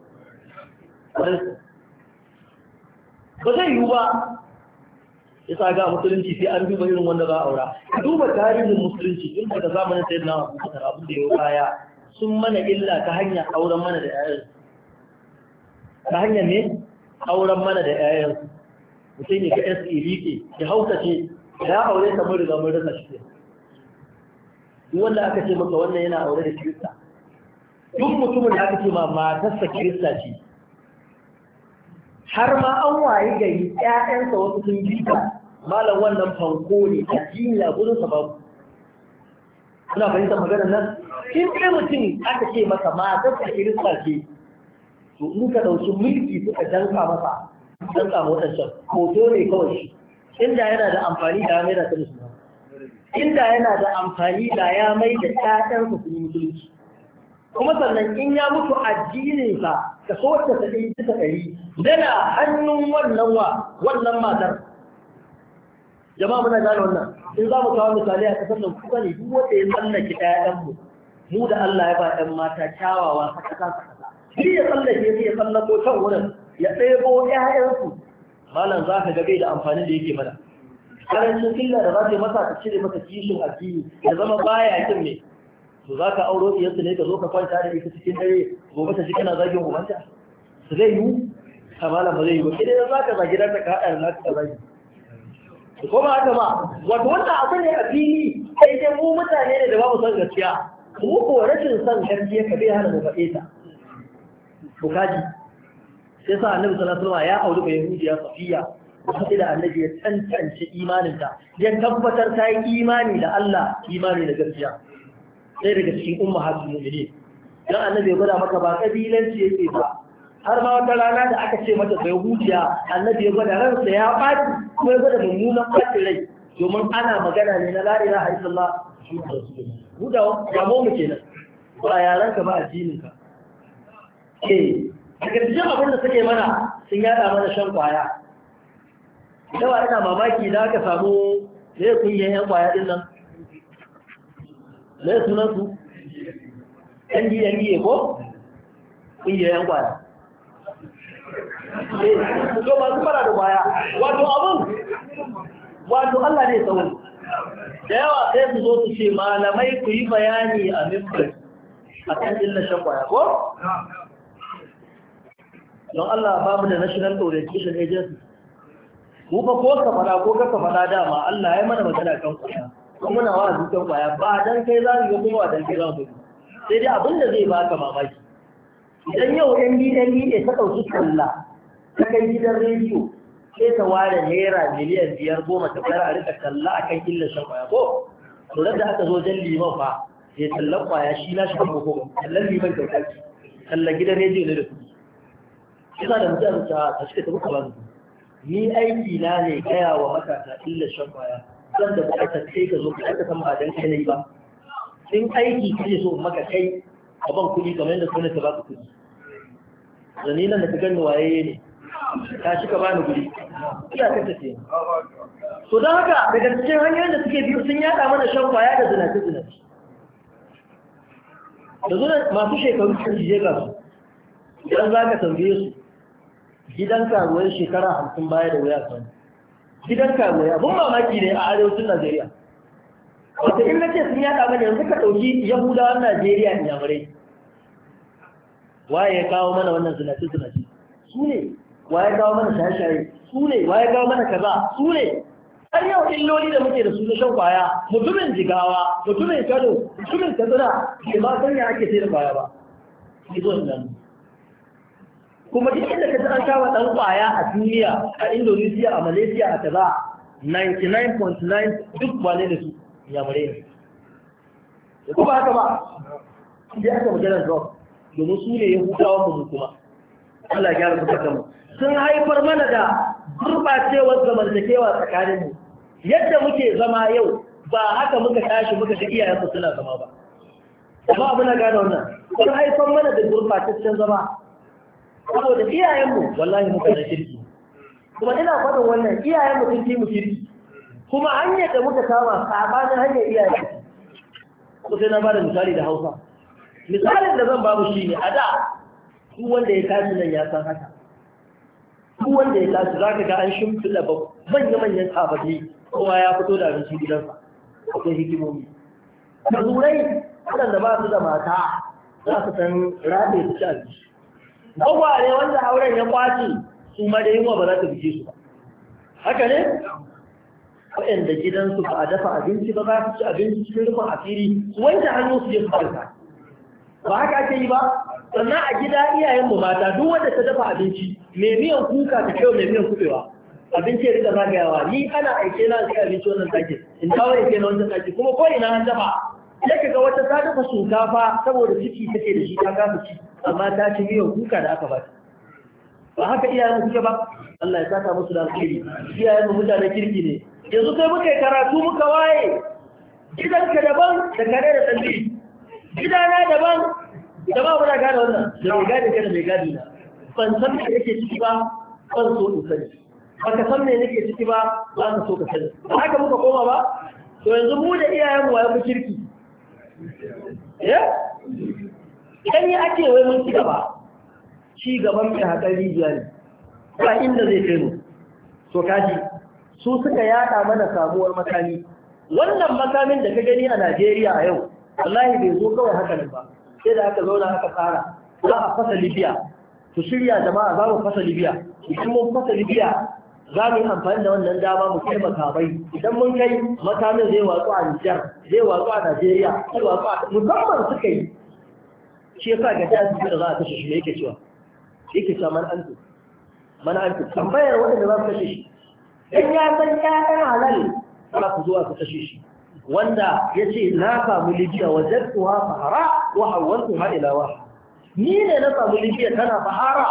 ba zai yiwu ba ya sa ga musulunci sai an duba irin wanda za a aura duba tarihin musulunci ba daga zamanin sayar na wasu kusa abin da ya baya sun mana illa ta hanyar auren mana da yayan ta hanyar ne auren mana da yayan mutum ya ga SE ya ya ce ya aure ta mun riga mun rasa shi wanda aka ce maka wannan yana aure da kirista duk mutumin da aka ce ma matarsa kirista ce har ma an waye gari ƴaƴansa wasu sun jika malam wannan fanko ne a jini a gudun sa babu suna fahimtar maganar nan in ɗaya mutum aka ce masa matarsa kirista ce to in ka ɗauki mulki suka danka masa danka waɗancan hoto ne kawai shi inda yana da amfani da ya mai da inda yana da amfani da ya mai da ƴaƴansa sun musulunci kuma sannan in ya mutu addininsa ka so ta ɗin bisa ɗari yana hannun wannan wa wannan matar jama'a muna gane wannan in za mu kawo misali a kasar nan kusa ne duk wanda ya mallaki ɗayanmu mu da Allah ya ba ɗan mata kyawawa a kasa kasa shi ya tsallake su ya tsallako wurin ya ɗebo ƴaƴansu malam za ka ga bai da amfanin da yake mana karancin illa da za ta yi masa ta cire masa kishin addini ya zama baya kin ne to za ka auro ɗiyarsu ne ka zo ka kwanta da ita cikin dare gobe ta ji kana zagin ubanta su zai yi a malam ba zai yi ba idan za ka zagi da ta kaɗa na ka zagi su koma haka ba wato wannan abu ne a fili sai dai mu mutane ne da babu son gaskiya mu ko rashin son gaskiya ka bai hana mu faɗe ta to kaji sai sa annabi sallallahu alaihi wasallam ya auri bai hudiya safiya sai da annabi ya tantance imaninta ya tabbatar ta yi imani da Allah imani da gaskiya ɗaya daga cikin umma hasu ne Don annabi ya gwada maka ba kabilanci ce ba har ma wata rana da aka ce mata bai hujiya annabi ya gwada ransa ya ɓaci kuma ya gwada mummunan ɓacin rai domin ana magana ne na la'ira a illallah muhammadu rasulullah hudawa ya mu kenan ba yaran ka ba addinin ka eh daga cikin abin da suke mana sun yada mana shan kwaya yawa ina mamaki da aka samu da ya kungiyar yan kwaya din nan me sunan su yan giya giye ko ƙungiyar yan kwaya eh, to masu fara da baya wato abin wato Allah ne tsawon da yawa sai su zo su ce malamai ku yi bayani a mimbar a illar shan ko? don Allah da national orientation agency mu fa ko ka fada ko ka fada dama Allah ya mana magana kan kuma muna wa azukan kwaya ba dan kai za mu yi kuma dan kai za mu yi sai dai abin da zai baka mamaki idan yau 'yan gidan NDNDA ta ɗauki talla ta kai gidan rediyo sai ta ware naira miliyan biyar goma ta bayar a rika talla a kan illar shan kwaya ko to da aka zo jan liman fa ya tallan kwaya shi na shi kuma ko tallan liman kyauta ce tallan gidan rediyo ne da kuɗi Yana da mutum ta ta shi ta muka ba ni aiki na ne gaya wa matasa illar shan kwaya zan da buƙatar kai ka zo ka aika san a dan kai nayi ba in aiki kake so maka kai a ban kuɗi kamar yadda sunan ta ba ku kuɗi zane nan da ka gani waye ne ta shi ka bani guri ina ta tafi to don haka daga cikin hanyoyin da suke biyu sun yada mana shan kwaya da zinace zinace da zuwa masu shekaru sun jije ga su idan za ka tambaye su gidan karuwar shekara hamsin baya da wuya sani gidan karuwa abun mamaki ne a arewacin najeriya wata in nace sun yaɗa mana yanzu ka ɗauki yahudawan najeriya ne yamurai waye ya kawo mana wannan zinace zinace su ne waye kawo mana shaye-shaye su ne waye kawo mana kaza su ne har yau illoli da muke da su na shan kwaya mutumin jigawa mutumin kano mutumin kaduna ke ba sanya ake sai da kwaya ba ni zo nan kuma duk inda ka ji an kama ɗan ƙwaya a duniya a indonesia a malaysia a kaza 99.9 duk wane da su yamare ne da kuma haka ba da aka magana zuwa domin su ne yahudawa mu kuma Allah gyara su kanmu sun haifar mana da gurɓacewar zamantakewa tsakanin mu yadda muke zama yau ba haka muka tashi muka ga iyayen suna zama ba amma abin da gane wannan sun haifar mana da gurɓataccen zama saboda iyayenmu wallahi muka da shirki kuma ina faɗin wannan iyayenmu sun fi mu shirki kuma hanyar da muka kama sabanin hanyar iyaye ko sai na ba da misali da hausa misalin da zan ba mu shine a da su wanda ya tashi nan ya san haka su wanda ya tashi za ka ga an shimfiɗa manya-manyan kafafi kowa ya fito da abincin gidansa akwai hikimomi da zurai waɗanda ba su da mata za su san rabe su ci abinci ƙware wanda auren ya kwace su ma da yunwa ba za ta buge su ba haka ne waɗanda gidansu ba a dafa abinci ba za su ci abinci cikin rufin asiri su wanke hannu su je su farka ba haka ake yi ba sannan a gida iyayen mu mata duk wanda ta dafa abinci me miyan kuka ta kyau me miyan kuɓewa. abinci ya rika zagayawa ni ana aike na sai abinci wannan ɗakin in dawo aike na wannan ɗakin kuma ko ina an dafa Ya kaga ga wata ta dafa shinkafa saboda ciki take da shi ta kasa ci amma ta ce biyan kuka da aka bata ba haka iyayen suke ba Allah ya saka musu da alkhairi iyayen mu mutanen kirki ne yanzu kai muka yi karatu muka waye gidanka daban da kare da tsalli gidana daban da ba mu da gane wannan da mai gadi ka da mai gadi na ban san me yake ciki ba ban so in sani baka san me yake ciki ba ba ka so ka sani ba haka muka koma ba to yanzu mu da iyayen mu waye mu kirki eh? Idan ya ake wai mun ci gaba ci gaban mai haƙar rijiya ne ba inda zai kai mu to kaji su suka yaɗa mana samuwar makami wannan makamin da ka gani a Najeriya a yau wallahi bai zo kawai haka ne ba sai da aka zauna aka tsara za a fasa Libya ku shirya jama'a za mu fasa Libya idan mun fasa Libya za mu yi amfani da wannan dama mu kai makamai idan mun kai makamin zai watsu a Nijar zai watsu a Najeriya zai watsu a musamman suka yi shi yasa ga jami'in da za a kashe shi ne yake cewa yake cewa mana antu man antu tambayar wanda za su kashe shi In ya san ƴaƴan halal za ku zuwa su kashe shi wanda ya ce na samu libya wajen tuwa fahara wa hawantu ha ilawa ni ne na samu libya tana fahara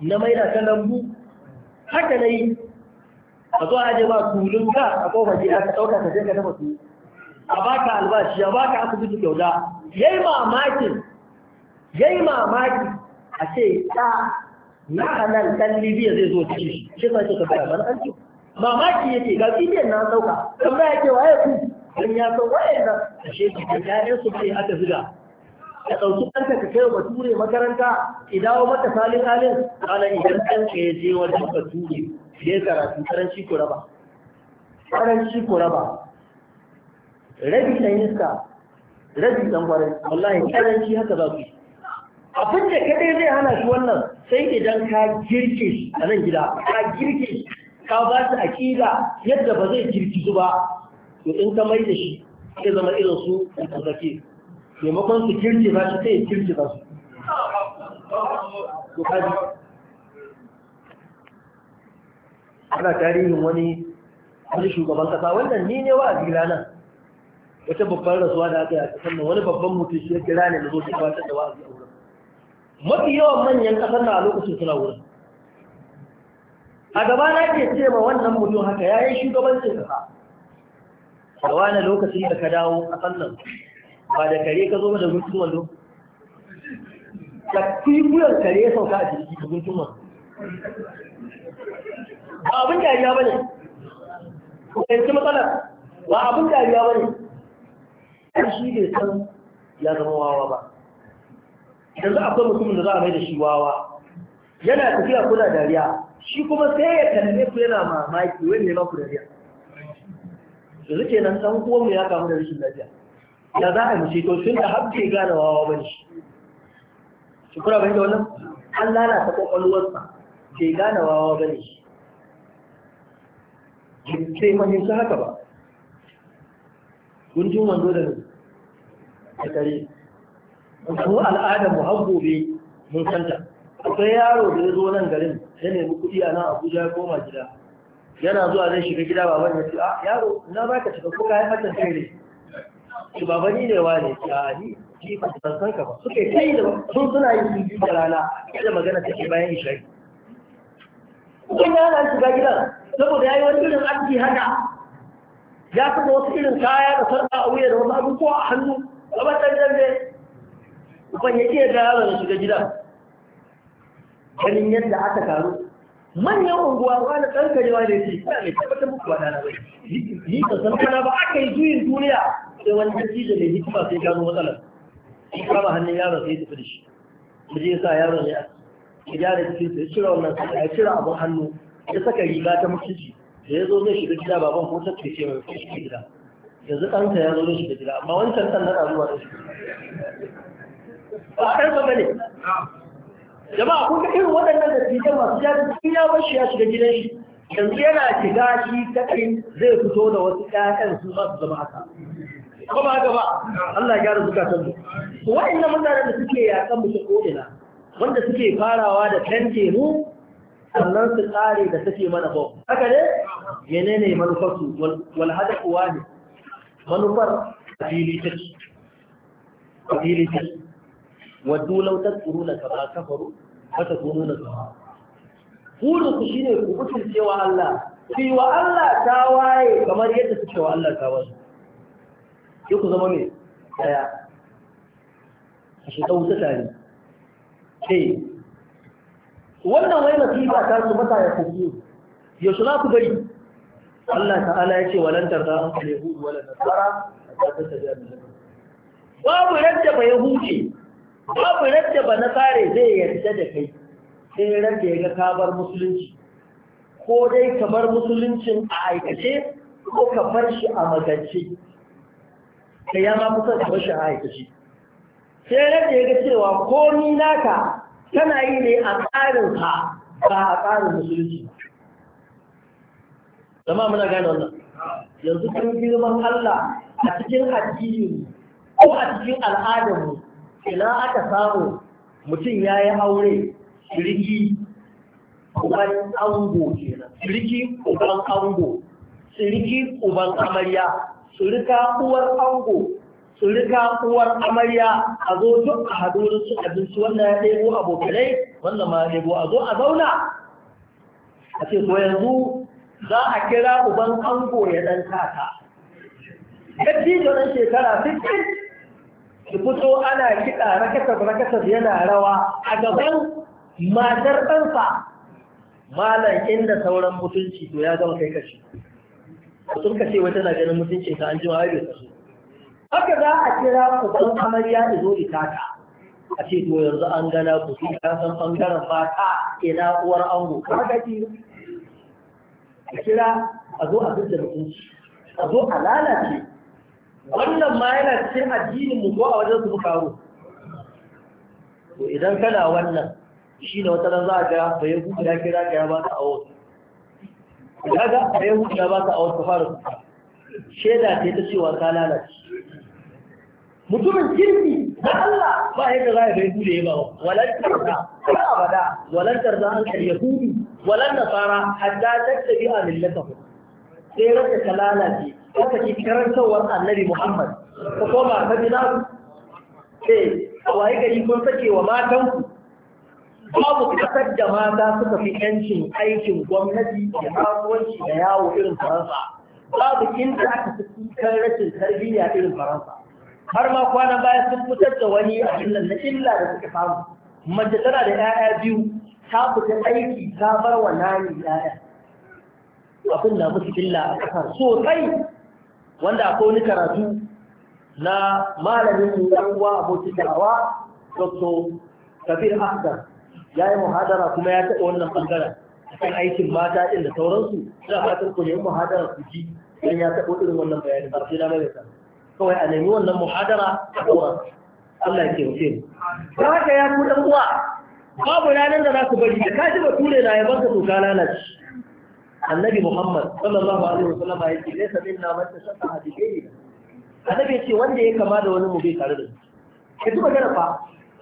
na maida ta lambu haka na yi a zo aje ba tulun ka a kofar gida ka ɗauka ka je ka dafa su a baka albashi a baka asibiti kyauta yayi mamakin yayi mamaki a ce ta na halal dan Libya zai zo ci shi shi ka fara ba an ci mamaki yake ga bidiyon na dauka ba yake waye ku dan ya san da shi ki da yayin su ke aka zuga ka ɗauki ɗanka ka kai wa bature makaranta idawo mata salin halin ana idan kan ya je wajen ture. ya karatu karanci ku raba karanci ko raba rabi ɗan iska rabi dan gwarai wallahi karanci haka za ku yi abin da kadai zai hana shi wannan sai idan ka girke a nan gida ka girke ka ba su aƙida yadda ba zai girgizu ba to in ka mai da shi sai zama irin su tsarki maimakon su girke ba shi sai girki girke ba su ana tarihin wani wani shugaban kasa wannan ni ne wa a gira nan wata babban rasuwa da aka yi a kasan wani babban mutum shi ya kira ne da zo shi gabatar da wa'azi a mafi yawan manyan ƙasar na a lokacin suna wurin a gaba na ke ce ma wannan mutum haka ya yi shugabancin ƙasa da wani lokacin da ka dawo a sannan ba da kare ka zo da guntun wando da kuyar kare ya sauka a jiki da guntun wando ba abin dariya ba ne ku matsalar ba abin dariya ba ne shi bai san ya zama wawa ba yanzu akwai mutumin da za a mai da shi wawa yana tafiya kuna dariya shi kuma sai ya kalle ku yana mamaki wani ne maku dariya yanzu nan san uwan mu ya kamu da rashin lafiya ya za a mace to tun da har gane wawa ba shi shi kuna da wannan an lalata kwakwalwarsa ke gane wawa ba shi sai fahimci haka ba gunjin wando da da kare ko al'adar mu har gobe mun santa akwai yaro da ya zo nan garin ya nemi kuɗi a nan abuja ya koma gida yana zuwa zai shiga gida baban ya ce a ah, yaro na ba ka shiga ko kayan fatan kai ne shi baba ni ne wa ne a ni ji ba san san ka ba suka kai da sun suna yin bibi da rana kada magana take bayan ishari kun ya na shiga gidan saboda ya yi wani irin arziki haka ya saka wasu irin kaya da sarka a wuya da wasu abubuwa a hannu gaban ɗan dambe uban ya ce da yaron shiga gida ganin yadda aka karu manyan unguwa na tsarkar yawa ne ce ya mai tabbatar muku ba ɗana bai ni ba kana ba aka yi juyin duniya sai wani yanki da mai hikima sai gano matsalar shi kama hannun yaron sai tafi da shi Mu je sa yaron ya ya gyara cikin sai cire wannan sai ya cire abin hannu ya saka riga ta mutunci da ya zo zai shiga gida baban ko ta ce mai shiga gida yanzu ɗanka ya zo zai shiga gida amma wancan ɗan na ɗaruwa da shi ba a ɗansa ba ne jama'a kun ga irin waɗannan da fitar masu jaji sun ya bashi shi ya shiga gidan shi yanzu yana shiga shi kaɗai zai fito da wasu ƴaƴan su za su zama haka kuma ba haka ba Allah ya gyara zukatan mu to waɗannan mutanen da suke yaƙan mu ta ko'ina wanda suke farawa da tante mu sannan su tsare da suke mana bau haka ne menene su, wal hada kuwa ne manufar fili take fili take waddu law na kama kafaru fa takununa sawa burin shi ne ku mutunce cewa Allah fi wa Allah ta waye kamar yadda su wa Allah ta waye sai ku zama mai daya a shiga ta tare sai wannan wai nasiba ta su mata ya kuku yaushe za ku bari Allah ta'ala ya ce walantar da an kare hudu wala nasara a ta tafiya da babu yadda ba ya huce babu radda ba nasare zai yarda da kai sai radda ya ga ka bar musulunci ko dai ka bar musuluncin a aikace ko ka bar shi a magance ka ya ma kusa ka bar shi a aikace sai radda ya ga cewa komi naka tana yi ne a tsarin ka ba a tsarin musulunci zama muna gane wannan yanzu kan girman Allah a cikin addini ko a cikin al'adarmu ina aka samu mutum ya yi aure shiriki uban ango kenan shiriki uban ango shiriki uban amarya shirika uwar ango shirika uwar amarya a zo duk a haɗu su abinci wannan ya ɗebo abokanai wannan ma ya ɗebo a zo a zauna a ce ko yanzu za a kira uban ango ya ɗan kata. Yadda nan shekara 15 ki fito ana kiɗa rakatab rakatab yana rawa a gaban matar ɗansa malam inda sauran mutunci to ya zama kai kashi sun kace wai tana ganin mutunci, ta an ji ma bai haka za a kira ku dan amarya da zo itaka a ce to yanzu an gana ku shi ka san bangaren mata ina uwar ango haka ki a kira a zo a zuba mutunci a zo a lalace wannan ma yana cikin addinin mu ko a wajen su bukaro to idan kana wannan shi ne wata nan za a ga bayan hudu ya kira ka ya ba ta awo ya ga bayan kuka ya ba ta awo ka fara kuka shaida ta cewa ka lalace mutumin kirki na Allah ba da za a bai hudu ya ba walantar da ba da. walantar da an karya hudu walan nasara ta tattabi a millata sai rasa ka lalace haka ki karantawar annabi Muhammad Ku koma ka ji za ku eh waye gari kun sake wa matan ku babu kasar da mata suka fi yancin aikin gwamnati da kasuwanci da yawo irin Faransa babu inda aka fi kan rashin tarbiyya irin Faransa har ma kwana baya sun fitar da wani a illan na illa da suka samu mace tana da 'ya'ya biyu ta fita aiki ta bar wa nani 'ya'ya abin na musu illa a ƙasar sosai wanda akwai wani karatu na malamin mu uwa abokin dawa dr kabir ahdar ya yi muhadara kuma ya taɓa wannan a kan aikin mata ɗin da sauransu suna fatar ku nemi muhadara ku ji don ya taɓa irin wannan bayani ba sai na mai kawai a nemi wannan muhadara a ɗora Allah ya kewace ni. ta haka ya ku ɗan uwa babu ranar da za su bari da ka ji ture na ya barka to na lalace annabi muhammad sallallahu alaihi wasallam ya ce laysa minna man tasaffa bi ghayri annabi ya ce wanda ya kama da wani mu bai tare da shi ka duba gara fa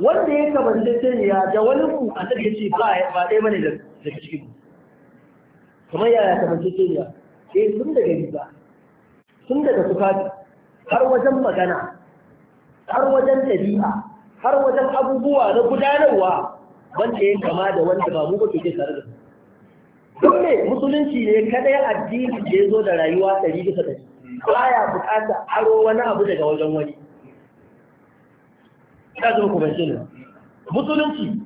wanda ya kama da ya da wani mu annabi ya ce ba ba dai bane da daga cikin mu kamar yaya kama da ya eh tun daga riba tun daga tufafi har wajen magana har wajen dabi'a har wajen abubuwa na gudanarwa wanda ya kama da wanda ba mu ba ke tare da shi don me musulunci ne kadai addini da ya zo da rayuwa ɗari bisa ɗari ya bukata aro wani abu daga wajen wani ta zama ku bashi ne musulunci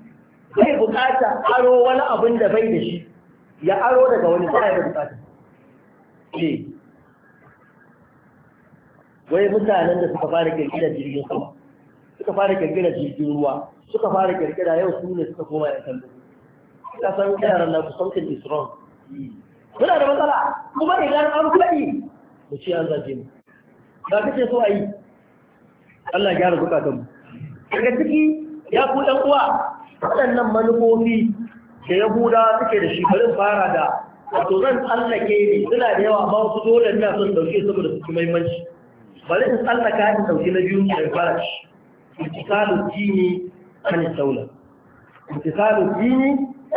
bai bukata aro wani abun da bai da shi ya aro daga wani ba ya bukata ne eh. wai mutanen da suka fara kirkira jirgin sama suka fara kirkirar jirgin ruwa suka fara kirkira yau su ne suka koma ya kallo kasan yaran na something is wrong muna da matsala kuma idan an faɗi mu ci an zaje mu ba kace so ayi Allah gyara zukatan mu daga ciki ya ku ɗan uwa waɗannan manufofi da yahuda suke da shi bari fara da wato zan tsallake ni suna da yawa ba wasu dole ina son dauke saboda su ci maimanci bari in tsallaka in dauki na biyu da farashi intisalu dini an saula intisalu dini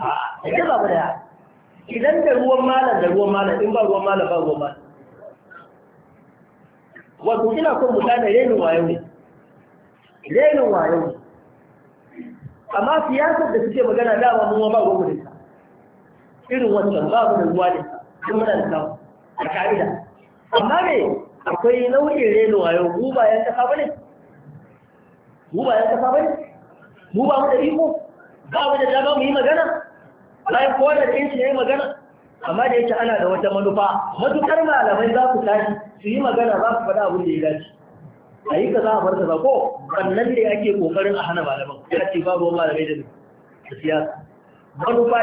a idan ba daya idan da ruwan malam da ruwan malam in ba ruwan malam ba ruwan malam wato ina son mu gane renin wayo ne renin wayo ne amma siyasar da suke magana dama mun ba ruwan mu da irin wancan ba mu da ruwa ne kun muna da kawo a ka'ida amma me. akwai nau'in renin wayo mu ba yan kasa bane mu ba yan kasa bane mu ba mu da iko ba mu da dama mu yi magana bayan da ke shi ya yi magana amma da yake ana da wata manufa matukar malamai za ku tashi su yi magana za ku faɗa abin da ya dace a yi ka za a bar ta ko wannan ne ake kokarin a hana malaman ya ce babu wani malamai da da siyasa manufa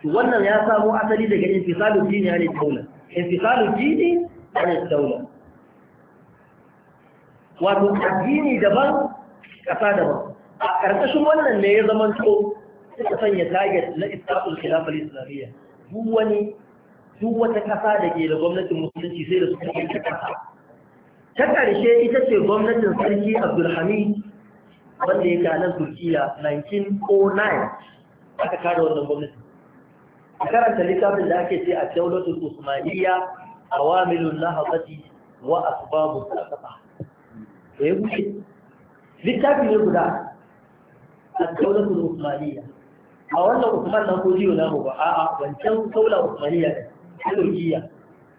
ce wannan ya samo asali daga infisalin dini ne taula infisalin dini ne taula wato addini daban ƙasa daban a ƙarƙashin wannan ne ya zama to suka sanya target na istatul khilafar islamiyya duk wani duk wata kasa da ke da gwamnatin musulunci sai da su kuma ta kasa ta karshe ita ce gwamnatin sarki abdulhamid wanda ya ga turkiya 1909 aka kada wannan gwamnati a karanta littafin da ake ce a daulatul usmaniyya awamilun lahabati wa asbabun kasafa da ya wuce littafin ne guda a daulatul usmaniya a wannan Usman na wa namu ba a'a wancan saula Usmaniya ne Kaloriya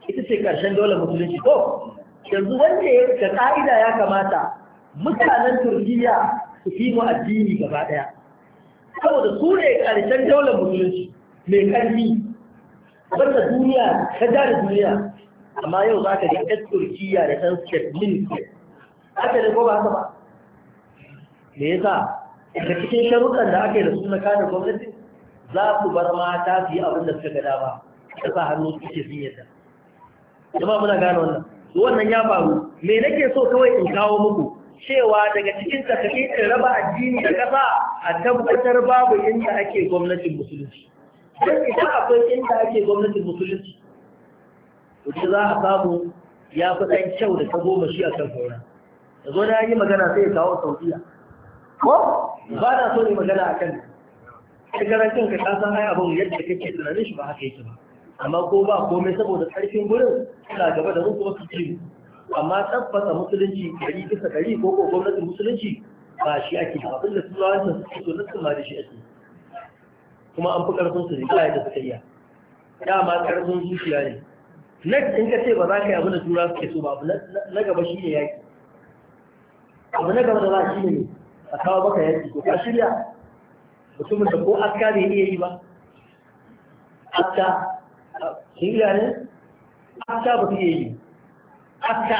ita ce karshen dole musulunci to yanzu wanda ya ga ka'ida ya kamata mutanen Turkiya su fi mu addini gaba daya saboda su ne karshen dole musulunci mai karfi wanda duniya ta da duniya amma yau za ka ga ɗan Turkiya da ɗan State Minister Haka ne ko ba haka ba me yasa daga cikin sharuɗan da ake da suna kada gwamnati za su bar mata su yi abin da suka gada ba da sa hannu ke sun yadda jama'a muna gane wannan wannan ya faru me nake so kawai in kawo muku cewa daga cikin takaitaccen raba addini da ƙasa a tabbatar babu inda ake gwamnatin musulunci don idan akwai inda ake gwamnatin musulunci to za a samu ya fi ɗan kyau da ta goma shi a kan saura da zo na yi magana sai ya kawo saudiya ko ba na so ne magana a kan shigarancin ka ta san ai abin yadda kake tunanin shi ba haka yake ba amma ko ba komai saboda ƙarfin gurin suna gaba da rukuwa su ci amma tabbata musulunci gari bisa ɗari ko ko gwamnatin musulunci ba shi ake ba abin da turawancin su so na tsima da shi ake kuma an fi ƙarfin su ne ba yadda suka iya dama ƙarfin zuciya ne na in ka ce ba za ka yi abin da turawa suke so ba abu na gaba shi ne yaƙi abu na gaba da za shi ne a kawo maka yaki ko ka shirya mutumin da ko aska bai iya yi ba aska shirya ne aska ba su iya yi aska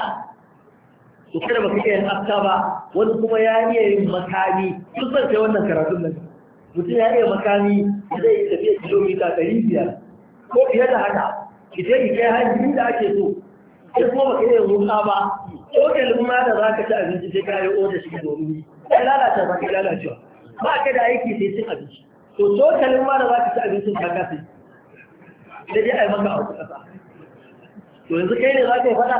to kada ba su iya yin aska ba wani kuma ya iya yin makami duk zan sai wannan karatun nan mutum ya iya makami zai yi tafiya kilomita ɗari biyar ko fiye da haka ki je ki kai hajji da ake so sai kuma ka iya yin ruwa ba ko da lumana da za ka ci abinci sai ka yi oda shi domin kai lalata ba kai lalacewa ba ka da aiki sai cin abinci to totalin ma da za ka ci abincin ka kasa da dai ai maka a wata kasa to yanzu kai ne za ka yi fada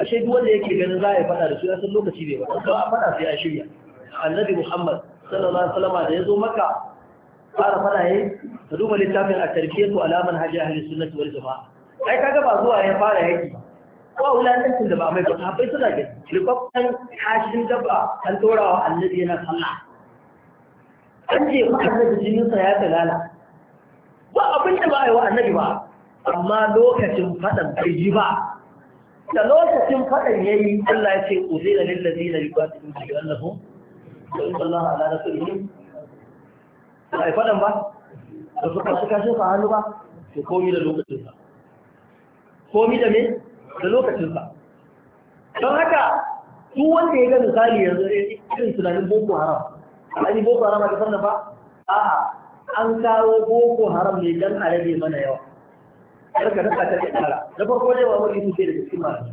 ashe duk wanda yake ganin za a yi fada da su ya san lokaci ne ba to a fada sai a shirya annabi muhammad sallallahu alaihi wasallam da ya zo maka fara fada yayi ka duba littafin a tarbiyyatu alaman hajji ahli sunnati wal jama'a ai kaga ba zuwa ya fara yaki ba wulaƙancin da ba mai ba sahabbai suna gani Likoftan kashin dabba an dora wa annabi yana sallah an ce ma annabi jininsa ya talala ba abin da ba a yi wa annabi ba amma lokacin fadan bai ji ba da lokacin fadan ya yi Allah ya ce uzira lillazi na yi kwatu in ji Allahun da in Allah ala na sulhu ba a yi faɗan ba da suka su kashin sa hannu ba to komi da lokacin sa komi da me da lokacin sa don haka su wanda ya ga misali yanzu eh, irin tunanin boko haram alhaji boko haram a kasar da ba a'a an kawo boko haram ne don a rage mana yawa karka rasa ta ke tsara na farko ne wa wani sosai da cikin malami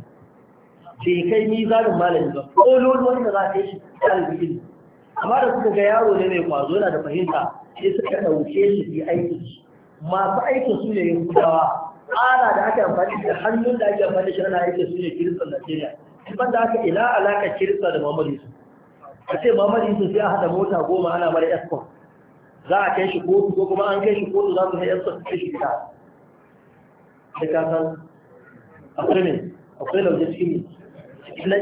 ce kai ni zarin malami ba ko lolo wanda za a yi shi tsarin bikin amma da suka ga yaro ne mai kwazo yana da fahimta sai suka ɗauke shi su aikin shi masu aikin su ne yahudawa ana da ake amfani da hannun da ake amfani da shi ana aikin su ne kiristan najeriya ban da aka ila alaka kirista da Muhammad Yusuf a ce Muhammad Yusuf sai a hada mota goma ana mara escort za a kai shi kotu ko kuma an kai shi kotu za su kai escort kai shi gida da ka san akwai ne akwai lauje cikin cikin lai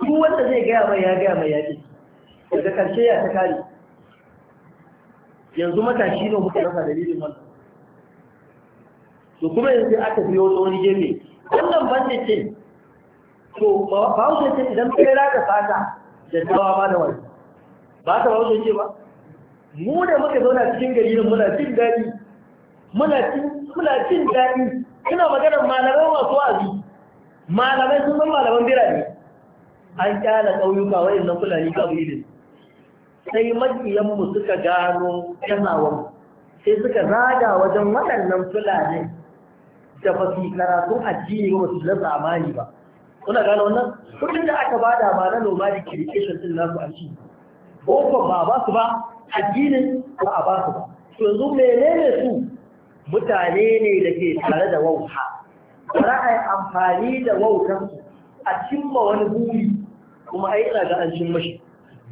duk wanda zai gaya mai ya gaya mai yaƙi daga ƙarshe ya ta kare yanzu matashi ne muka rasa dalilin wannan to kuma yanzu aka biyo wani gefe wannan bandit din to ba wuce ce idan kai za ka fata da dawa ba da wani ba ta ba wuce ce ba mu da muka zauna cikin gari muna cin daɗi muna cin daɗi ina magana malamai masu azu malamai sun san malaman birane an kyala ƙauyuka waɗannan fulani ka idin sai mu suka gano kyanawar sai suka zaga wajen waɗannan fulani da fasikara sun ajiye addini ba su ba kuna gane wannan kudin da aka bada ma na noma da education din nasu an ci boko ba ba su ba addinin ba a ba su ba to yanzu menene su mutane ne da ke tare da wauta bara a amfani da wautan su a cimma wani buri kuma ai ina ga an cin mashi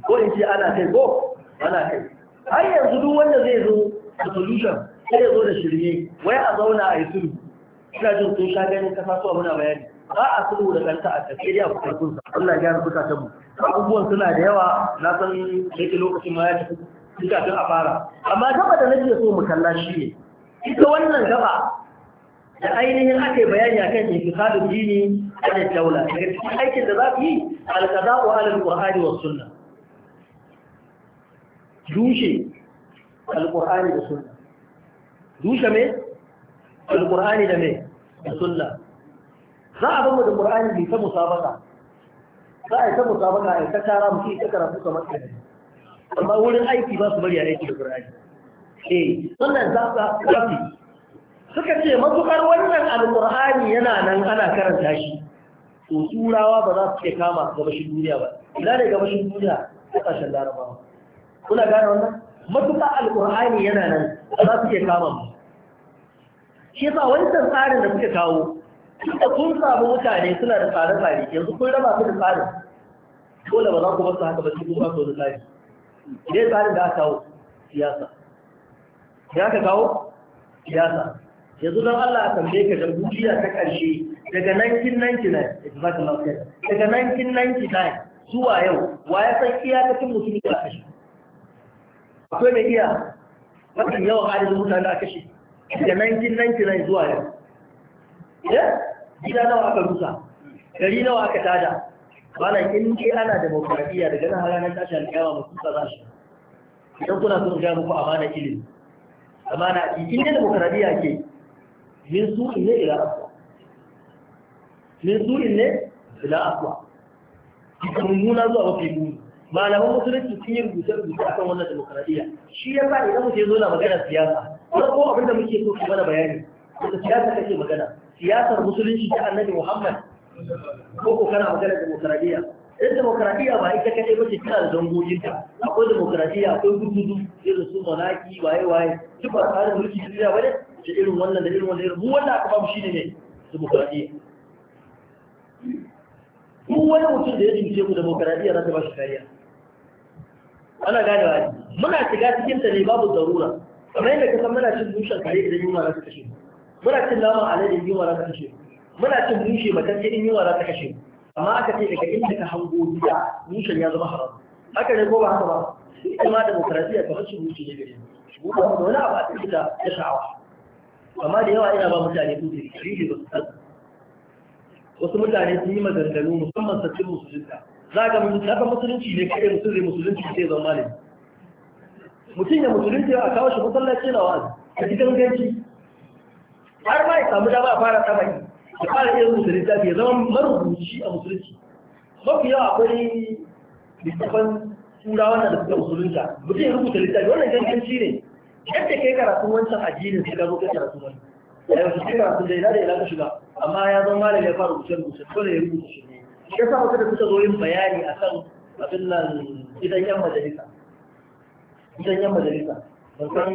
ko in ce ana kai ko ana kai har yanzu duk wanda zai zo da solution sai ya zo da shirme wai a zauna a yi sulhu ina jin sun sha ganin kasa su muna bayani ba a sulhu da ɗan a sai dai a kusurkun sa Allah ya rubuta ta mu abubuwan suna da yawa na san yake lokacin ma ya tafi tun kafin a fara amma gaba da nake so mu kalla shi ne ita wannan gaba da ainihin ake bayani akan intiqadul dini ala daula daga cikin aikin da za ku yi al-qada'u halin al-qur'ani was sunnah dushe al-qur'ani da sunna dushe me al-qur'ani da me da sunna za a zama da qur'ani bai ta musabaka za a yi ta musabaka a yi ta tara mu ta karatu kamar kai amma wurin aiki ba su bari a aiki da qur'ani eh sannan za su kafi suka ce matukar wannan Alƙur'ani yana nan ana karanta shi to turawa ba za su ke kama gabashin duniya ba ina ne gabashin duniya ƙarshen larabawa kuna gane wannan matuƙa alƙur'ani yana nan za su ke kama mu shi yasa wancan tsarin da suka kawo da kun samu mutane suna da tsare-tsare yanzu kun raba su da tsarin dole ba za ku basu haka ba shi kuma ba da tsari idan tsarin da aka kawo siyasa ya ka kawo siyasa yanzu don Allah a tambaye ka dukiya ta ƙarshe daga 1999 daga 1999 zuwa yau wa ya san iyakacin mutum da kashe akwai mai iya mafi yawan halin mutane a kashe daga 1999 zuwa yau eh? gida nawa aka rusa gari nawa aka tada malam in dai ana demokradiyya daga nan har ranar tashi alƙiyama mutum ka za shi idan kuna son ga muku amana ilimi amana in dai demokradiyya ke min su ne ila aswa min su ne ila aswa kuma mummuna zuwa mafi muni malaman musulunci sun yi rubuce rubuce akan wannan demokradiyya shi ya sa idan mu ke zo na magana siyasa wani ko abin da muke so su mana bayani wata siyasa kake magana siyasar musulunci ta annabi Muhammad ko ko kana magana demokradiyya In eh, demokradiyya ba ita kaɗai ba ce tana da zangoginta akwai demokradiyya akwai gududu irin su monaki waye waye duk ba tsarin mulki duniya ba ne da irin wannan da irin wannan irin wannan aka bamu shine ne demokradiyya Mu wani mutum da ya jince mu demokradiyya za ta ba shi kariya ana gane wa muna shiga cikin ta ne babu zarura kamar yadda ka san muna cin dushen kare idan yunwa za ta kashe mu muna cin naman alade in yunwa za ta kashe muna cin mushe matacce in yunwa za ta kashe amma aka ce daga inda ka hango gida mushen ya zama haram haka ne ko ba haka ba ita ma demokarasiya kamar shi mushe ne gare mu ba mu wani abu a cikin da ya sha'awa amma da yawa ina ba mutane su jiri jiri ba su san wasu mutane sun yi maganganu musamman sassin musulunta za ga mun kafa musulunci ne kai mutum zai musulunci sai zama malami mutum ya musulunci a kawo shi masallaci na wa'azi a gidan gaji. har ma ya samu dama a fara ta tabari ya fara iya rubuta littafi ya zama marubuci a musulunci mafi yawa akwai littafan turawa da suka musulunta mutum ya rubuta littafi wannan ganganci ne yadda kai karatun wancan addinin sai ka zo kai karatun wani a yanzu kai karatun da ya da ya ka shiga amma ya zama malami ya fara rubuce rubuce dole ya rubuta shi ne Ya sa wata da suka zo yin bayani akan abin nan idan yan majalisa idan yan majalisa ban san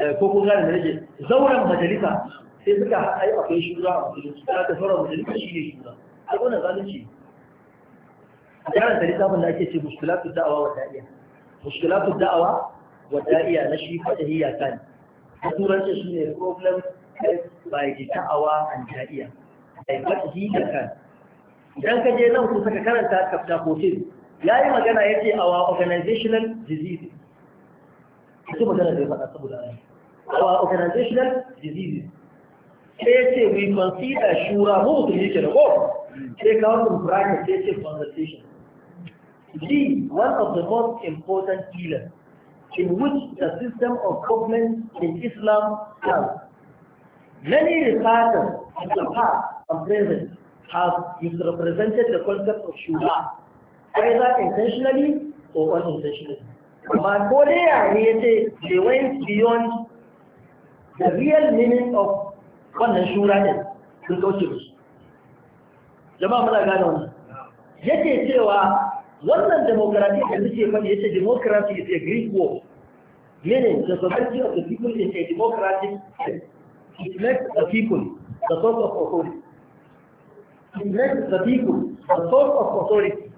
eh, ko kun gane da nake zauren majalisa sai suka a ai akwai shura a musulunci ta ta sauran musulunci shi ne shura a wannan zalunci a karan da littafin da ake ce mushkilatu da'awa wa da'iya mushkilatu da'awa wa da'iya na shi hiya kan a turanci shi ne problem by the da'awa and da'iya ai fadahiyya kan idan ka je nan kusa ka karanta kafta 14 yayi magana yace awa organizational disease ita magana da ya faɗa saboda awa organizational diseases They say we consider shura mu to yake da ko sai out wasu bracket sai ce conversation D, one of the most important pillars in which the system of government in Islam stands. Many researchers in the past and present have misrepresented the concept of shura, either intentionally or unintentionally. But Korea, they went beyond the real meaning of wannan shura ne sun kauce musu jama'a muna gane wannan yake cewa wannan demokaratiya da suke faɗi yace democracy is a Greek word meaning the sovereignty of the people is a democratic it makes the people the source of authority it makes the people the source of authority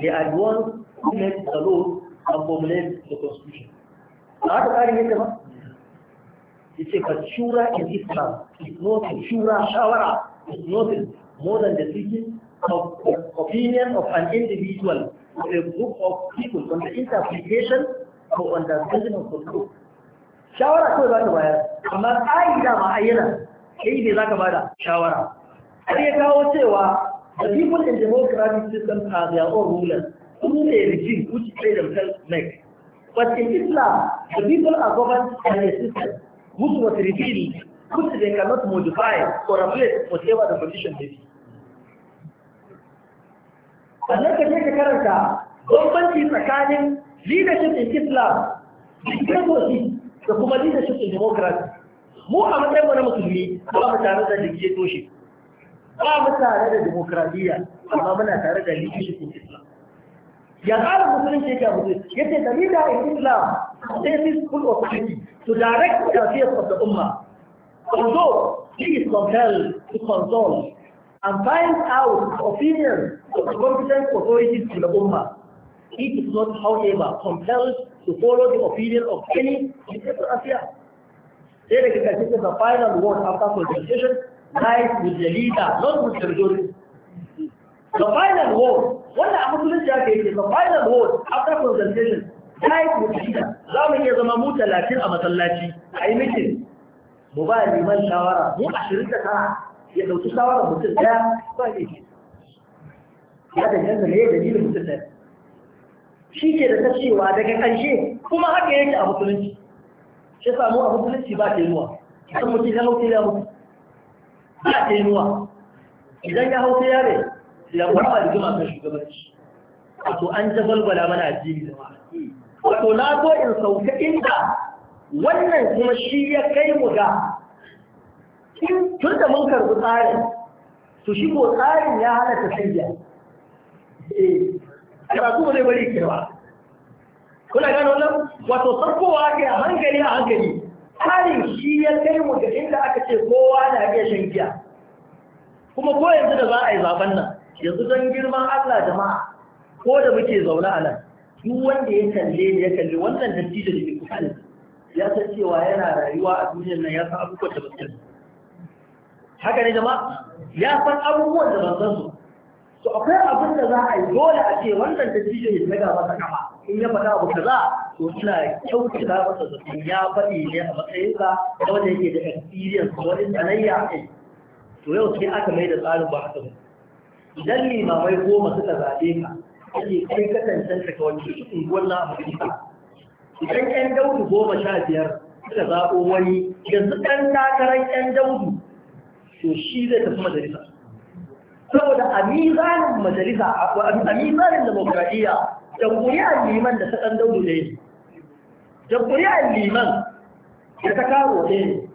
they are the ones who make the laws and formulate the constitution a haka tsarin yake ba yace shura in Islam is not a shura shawara It's not more than the speaking of, the opinion of an individual or a group of people on the interpretation or understanding of the group. Shawara ko za ta bayar, amma tsari da ma'ayyana kai ne za ka bada shawara. Har ya kawo cewa the people in democratic system are their own rulers through a regime which they themselves make. But in Islam, the people are governed by a system Goods was revealed. Goods they cannot modify or replace whatever the condition may be. Sannan ka je ka karanta bambanci tsakanin leadership in Islam, dictatorship da kuma leadership in democracy. Mu a matsayin wani musulmi ba mu tare da dictatorship, ba mu tare da demokradiyya, amma muna tare da leadership in Islam. Ya tsara musulunci yake a musulunci, yace da leader in Islam this full opportunity to direct the affairs of the Ummah. Although he is compelled to consult and find out the opinion of the competent authorities to the Ummah, he is not, however, compelled to follow the opinion of any political affair. Then it is the final word after consultation lies with the leader, not with the majority. The final word, what the Muslims is the final word after consultation ta yi kuɗi za mu iya zama mu talatin a masallaci a yi mikin mu ba liman shawara mu ashirin da tara ya ɗauki shawara mutum ɗaya ba ne ya danganta ne dalilin mutum ɗaya shi ke da ta daga ƙarshe kuma haka yake a musulunci shi samu a musulunci ba ta yi nuwa idan mutum ya hauke ya mutu ba ta yi nuwa idan ya hauke ya ne ya kwaba da jima kan shugabanci wato an jabalbala mana addini da ma'a wato na zo in sauka inda wannan kuma shi ya kai mu ga tun da mun karɓi tsarin to shi ko tsarin ya hana ta sanya eh, karatu ba zai bari kewa kuna gano nan wato sarkowa ke a hankali a hankali tsarin shi ya kai mu ga inda aka ce kowa na iya shan giya kuma ko yanzu da za a yi zaben nan yanzu don girman Allah jama'a ko da muke zaune a nan duk wanda ya kalle ne ya kalli wannan dattijo da ke kusa da ya san cewa yana rayuwa a duniyar nan ya san abubuwan da basu haka ne jama'a ya san abubuwan da ban san su to akwai abin da za a yi dole a ce wannan dattijo ya daga masa kama in ya faɗa abu kaza to ina kyautata masa zaton ya faɗi ne a matsayinsa da wanda yake da experience da wani tsanayya a kai to yau sai aka mai da tsarin ba haka ba idan limamai goma suka zaɓe ka ake kai ka tantance ka wani unguwar na Afirka. Idan ƴan daudu goma sha biyar suka zaɓo wani yanzu ɗan takarar ƴan daudu to shi zai tafi majalisa. Saboda a mizanin majalisa a mizanin demokradiyya jamhuriyar liman da ta ɗan daudu ne. Jamhuriyar liman da ta karo ne.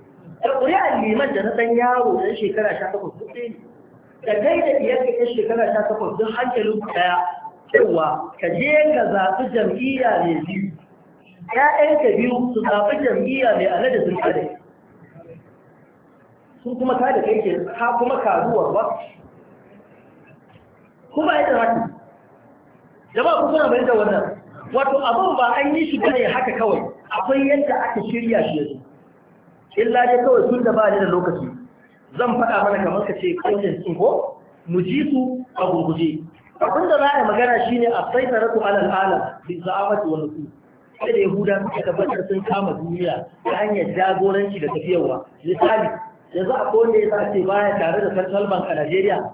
Jamhuriyar liman da ta ɗan yaro ɗan shekara sha takwas duk ne. Da kai da iyaka ɗan shekara sha takwas duk hankalin ku ɗaya cewa ka je ka zaɓi jam'iyya mai biyu ‘ya'yanka biyu su zaɓi jam'iyya mai nada sun kare sun kuma da kai ke kuma karuwar ba kuma ya da haka jama'a ku suna bayan da wannan wato abin ba an yi shi bane haka kawai akwai yadda aka shirya shi yanzu illa dai kawai tun da ba da lokaci zan faɗa mana kamar ka ce kawai ko mu ji su a gurguje abinda da za a magana shine a ku alal alam bi za'amati wa nufu sai da yahuda suka tabbatar sun kama duniya ta hanyar jagoranci da tafiyarwa misali yanzu a kowanne ya sace baya tare da central bank a Najeriya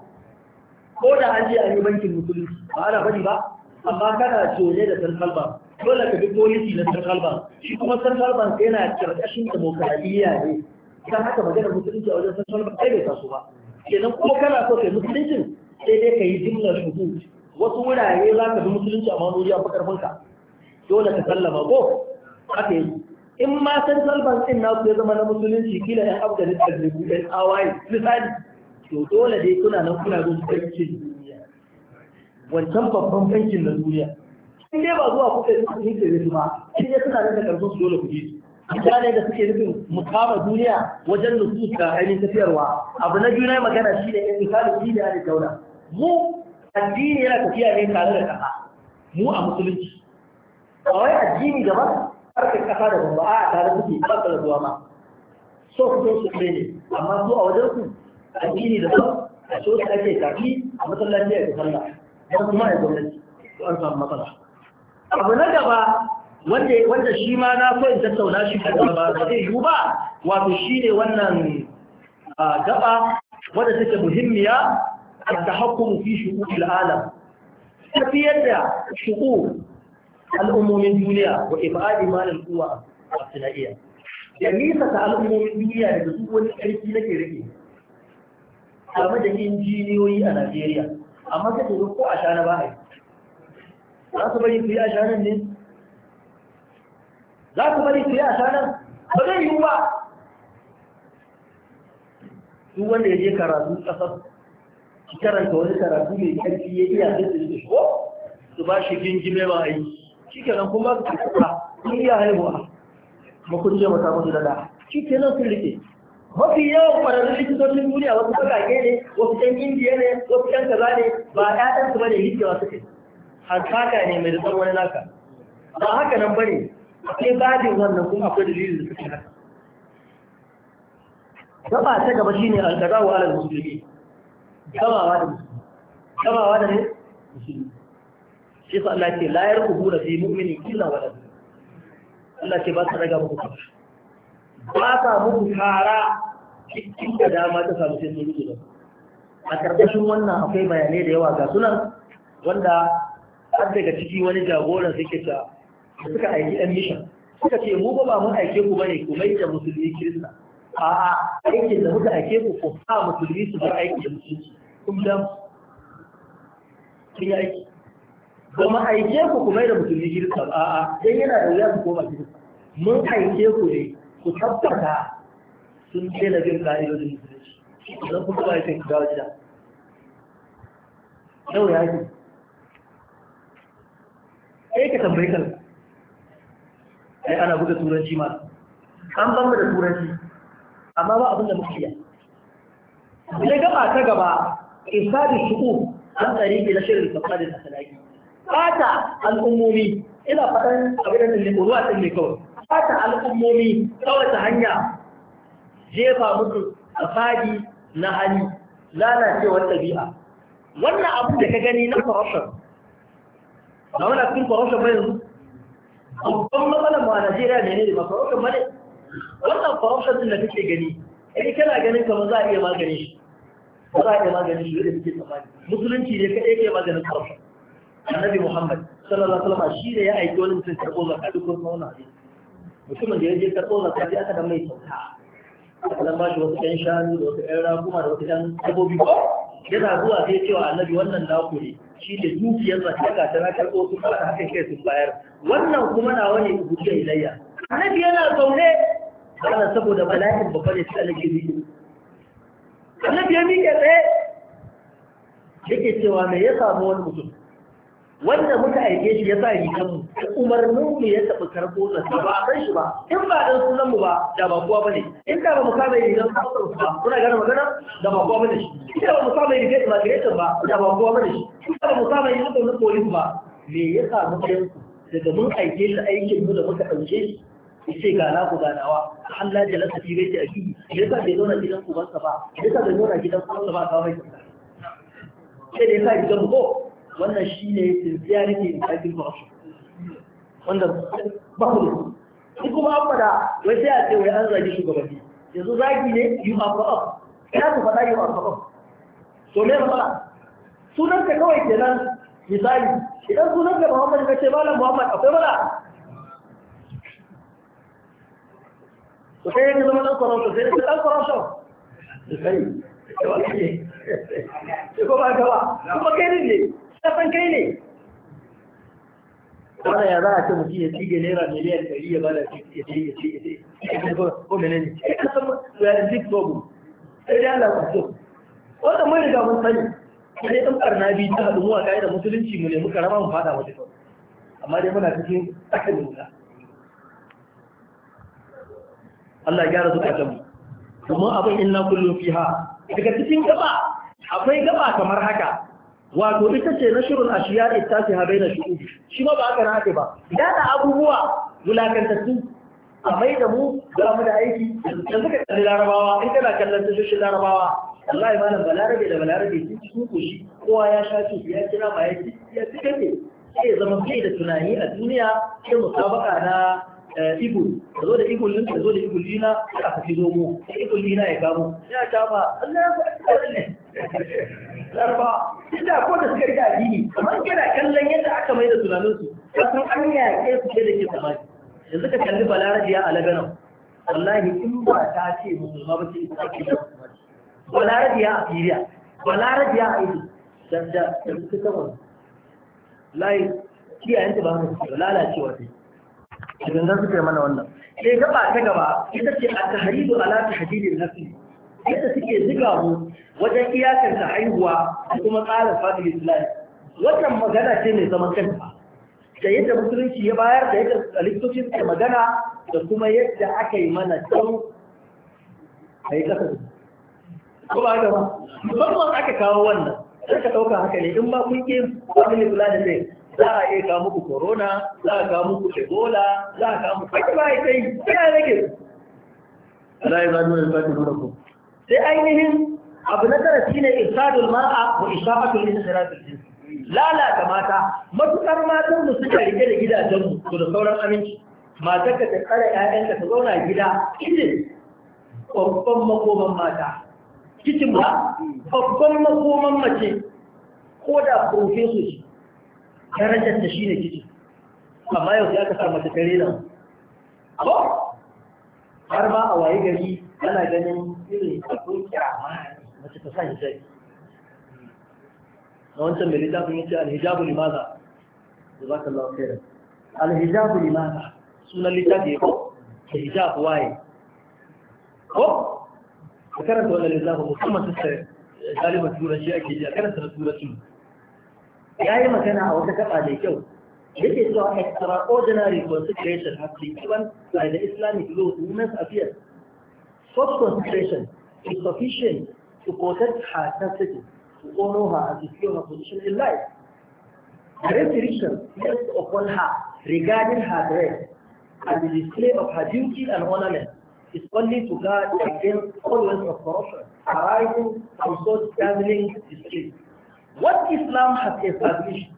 ko da an je an yi bankin musulunci ba ana bari ba amma kana cone da central bank dole ka bi policy na central bank shi kuma central bank yana karkashin demokradiyya ne kan haka magana musulunci a wajen central bank ai bai taso ba kenan ko kana so kai musulunci sai dai ka yi jimlar shuhud wasu wurare za ka bi musulunci a manuri a bakarfinka dole ka sallama ko haka yi in ma san salban din na ku ya zama na musulunci kila ya afghanistan da ku ɗan awaye misali to dole dai kuna nan kuna zuwa bankin duniya wancan babban bankin na duniya in dai ba zuwa kuka yi kuɗin da zai ba in dai suna nan da karfin su dole ku ji su da suke nufin kama duniya wajen nusus da ainihin tafiyarwa abu na juna magana shi ne in misalin shi da ya ne mu addini yana tafiya ne tare da kasa mu a musulunci a wai addini gaba karfe kafa da gaba a tare kuke ba da zuwa ma so ku su ne amma su a wajen ku addini da ba a so da ake tafi a masallaci ya sallah don kuma ya gwamnati su an samu matsala abu na gaba wanda wanda shi ma na so in tattauna shi da ba zai yi ba wato shi ne wannan ah, gaba wadda take muhimmiya التحكم في شؤون العالم تفيد شؤون الأمم الدنيا وإبعاد مال القوى الصناعية جميسة الأمم الدنيا لتسوى الكريسي لكي رئي أما ده إنجينيوي أناجيريا أما تتوقع عشان باهي za su في عشان yi a shanan في عشان su bari su yi a shanan duk wanda ya je karatu ƙasar ki karanta wani karatu mai karfi ya iya da shi ko su ba shi gingime ba aiki shi kenan kuma ba su kasa ah, sun iya haihuwa makon je mata musu dada shi kenan sun rike mafi yawan kwararrun likitocin duniya wasu bakake ne wasu ɗan indiya ne wasu ɗan kaza ne ba ɗaɗan su bane hikewa har hankaka ne mai zubar wani naka ba haka nan bane akwai gadin wannan kuma akwai dalilin da suke haka gaba ta gaba shine alƙadawa alal musulmi kamawa da kamawa da ne shi sa Allah ce la yarkubu da fi mu'minin illa wala Allah ce ba su daga muku ba sa muku fara cikin da dama ta samu sai sun rubuta a karkashin wannan akwai bayanai da yawa ga sunan wanda har daga ciki wani jagoran suke ta suka aiki ɗan mishan suka ce mu ba mun aike ku bane ku mai da musulmi kirista a'a aikin da muka aike ku ku ha musulmi su bar aiki da musulunci kun biya kun yi aiki aike ku ku mai da mutumin girka a'a dan yana da wuya ku koma girka mun aike ku ne ku tabbata sun daina bin ka'idodin musulunci idan kuma ba aikin gawa gida yau ya yi sai ka tambayi kan ai ana buga turanci ma an ban da turanci amma ba abin da muke yi sai gaba ta gaba إفساد الشؤون عن طريق نشر الفساد الأخلاقي فاتا الأمومي إلى فتن أبدا لقروات النكون فاتا الأمومي سوى تهنيا جيفا مدر أفادي نهني لا ناسي والتبيئة wannan abu da ka gani na corruption da wani cikin corruption ba yanzu babban matsalar ma a Najeriya ne ne ba corruption ba wannan corruption din da kake gani idan kana ganin kamar za a iya magani. ba za a iya maganin shi da suke tsammani musulunci ne kaɗai ke maganin corruption annabi muhammad sallallahu alaihi wasallam shi ne ya aiki wani mutum karɓo zakka duk wani wannan hadisi mutumin da ya je karɓo zakka sai aka dan mai kyauta aka dan bashi wasu ƴan shanu da wasu ƴan raguma da wasu ƴan dabbobi ko yana zuwa sai cewa annabi wannan naku ne shi ne dukiyar zakka ta na karɓo su da haka kai sun bayar wannan kuma na wani hujja ilayya annabi yana zaune wannan saboda bala'in babba ne sai alƙi zikiri annabi ya miƙe tsaye yake cewa me ya samu wani mutum wanda muka aike shi ya sa rigar mu umarnin mu ya tafi karbo na ba a san shi ba in ba dan sunan mu ba da ba kowa bane in da ba mu kama rigar ba ba kuna gane magana da ba kowa bane shi in da ba mu kama rigar immigration ba da ba kowa bane shi in da ba mu kama rigar na police ba me ya sa samu ɗayan daga mun aike shi aikin mu da muka ɗauke shi yace ga na ku ganawa Allah da lasa tibe ta aki yasa bai zauna gidan ku ba ba yasa bai zauna gidan ku ba ba kawai sai dai ka gidan ko wannan shi ne shine sincerity in fighting corruption wanda ba ku ni kuma an fada wai sai a ce wai an zagi shugabanni yanzu zagi ne yi are for ya ku faɗa yi are for us to me fara sunan kawai kenan misali idan sunan Muhammad ka ce malam Muhammad akwai mala to sai ya zama ɗan sarauta sai ya ɗan sarauta sai ko ba ka ba kuma kai ne ne san kai ne wannan ya za a ce mutum ya tsige naira miliyan ɗari ya bada ya ce ya ce ko mene ne ya san to ya zik tobu sai dai Allah ku so wannan riga mun sani sai ɗan ɓarna biyu ta haɗu mu a da musulunci mu nemi karama mu fada wata amma dai muna cikin tsakin wuta Allah gyara zukatan mu kuma abin inna kullum fiha daga cikin gaba akwai gaba kamar haka wato ita ce nashrul ashiya ittafiha baina shu'ub shi ma ba aka na ba dada abubuwa wulakantattu a mai da mu ga mu da aiki yanzu ka kalli larabawa in kana kallon tashoshin larabawa wallahi malam balarabe da balarabe sun ci shi kowa ya sha su ya kira ma ya ci ya ci ne? sai ya zama kai da tunani a duniya sai musabaka na igul eh, ka zo da igul ɗin ka zo da igul dina sai aka fi zomo sai igul ɗina ya kamo ya ta ma Allah ya faɗi ne larba inda ko da suka rika addini kamar kana kallon yadda aka mai da tunaninsu ka san an yaƙe su sai da ke samari yanzu ka kalli balarabiya a laganan wallahi in ba ta ce musulma ba ce ita ke da balarabiya a siriya balarabiya a ido da da da suka kama layi kiyayenta ba mu lalacewa sai. idan za su mana wannan sai gaba ta gaba ita ce a tahridu ala tahdidin nafsi yadda suke zuga mu wajen ta haihuwa da kuma tsarin fadil islam wannan magana ce mai zaman kanta da yadda musulunci ya bayar da yadda likitocin ke magana da kuma yadda aka yi mana can a yi kasa ko ba haka ba musamman aka kawo wannan sai ka ɗauka haka ne in ba kun ke fadil islam da za a iya kawo muku corona za a kawo muku ebola za a kawo muku kai ba kai sai ya rage ala ya zanu da fatu da ku sai ainihin abu na tara shine irsadul mar'a wa ishaqatul insiratul jins lalata mata matukar matan mu suka rike da gidajen mu to da sauran aminci matar ka ta tsare ka ta zauna gida kicin babban makoman mata kicin ba babban makoman mace ko da profesor darajar ta shine kici amma yau sai aka sa mata kare nan abu har ma a waye gari ana ganin irin akwai kirama mace ta sa hijabi na wancan mai littafin yace alhijabu limaza jazakallahu khairan alhijabu limaza sunan littafi ya ko hijab waye ko A karanta wannan littafin musamman sai galiban eh, turanci ake ji a karanta na turancin ya yi magana a wata gaba da kyau yake cewa extraordinary consideration has been given by the Islamic law to women's affairs. Such consideration is sufficient to protect her chastity, to honor her and secure her position in life. The restriction placed upon her regarding her dress and the display of her beauty and ornament is only to guard against all ways of corruption arising from such dazzling displays. What Islam has established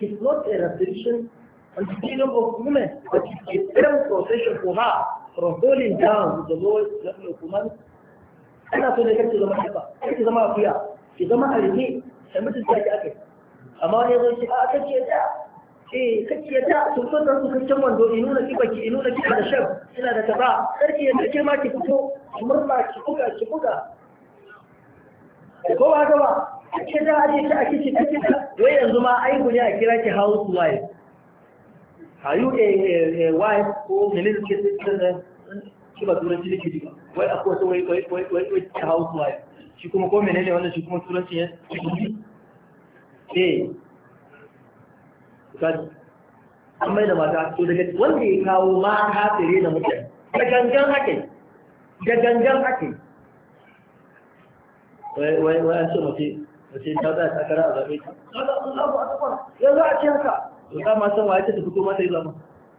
is not a restriction on the freedom of women, but it is a firm protection for her from falling down to the lowest level of humanity. Ana so ne kake zama haka, zama akuya, ki zama alhe, sai mutum ta ki ake. Amma wani yazo ce, a kake da, eh kake da, sun so da su wando, inu na ki, inu na da shan, ina da kaza, sarki ya ma ki fito, murna ki buga ki buga. Ko ba haka ba, A za a je ki a kici ta kici wai yanzu ma aiku ne a kira ki housewife are you a, a, a wife ko minister ki ba turanci da kiji ba wai a kowace wai wai wai wai wai ki housewife shi kuma ko menene wannan shi kuma turanci ya eh an mai da mata to daga wanda ya kawo ma kafire da mutane da gangan hake da gangan hake wai wai wai an ce mace da ta za a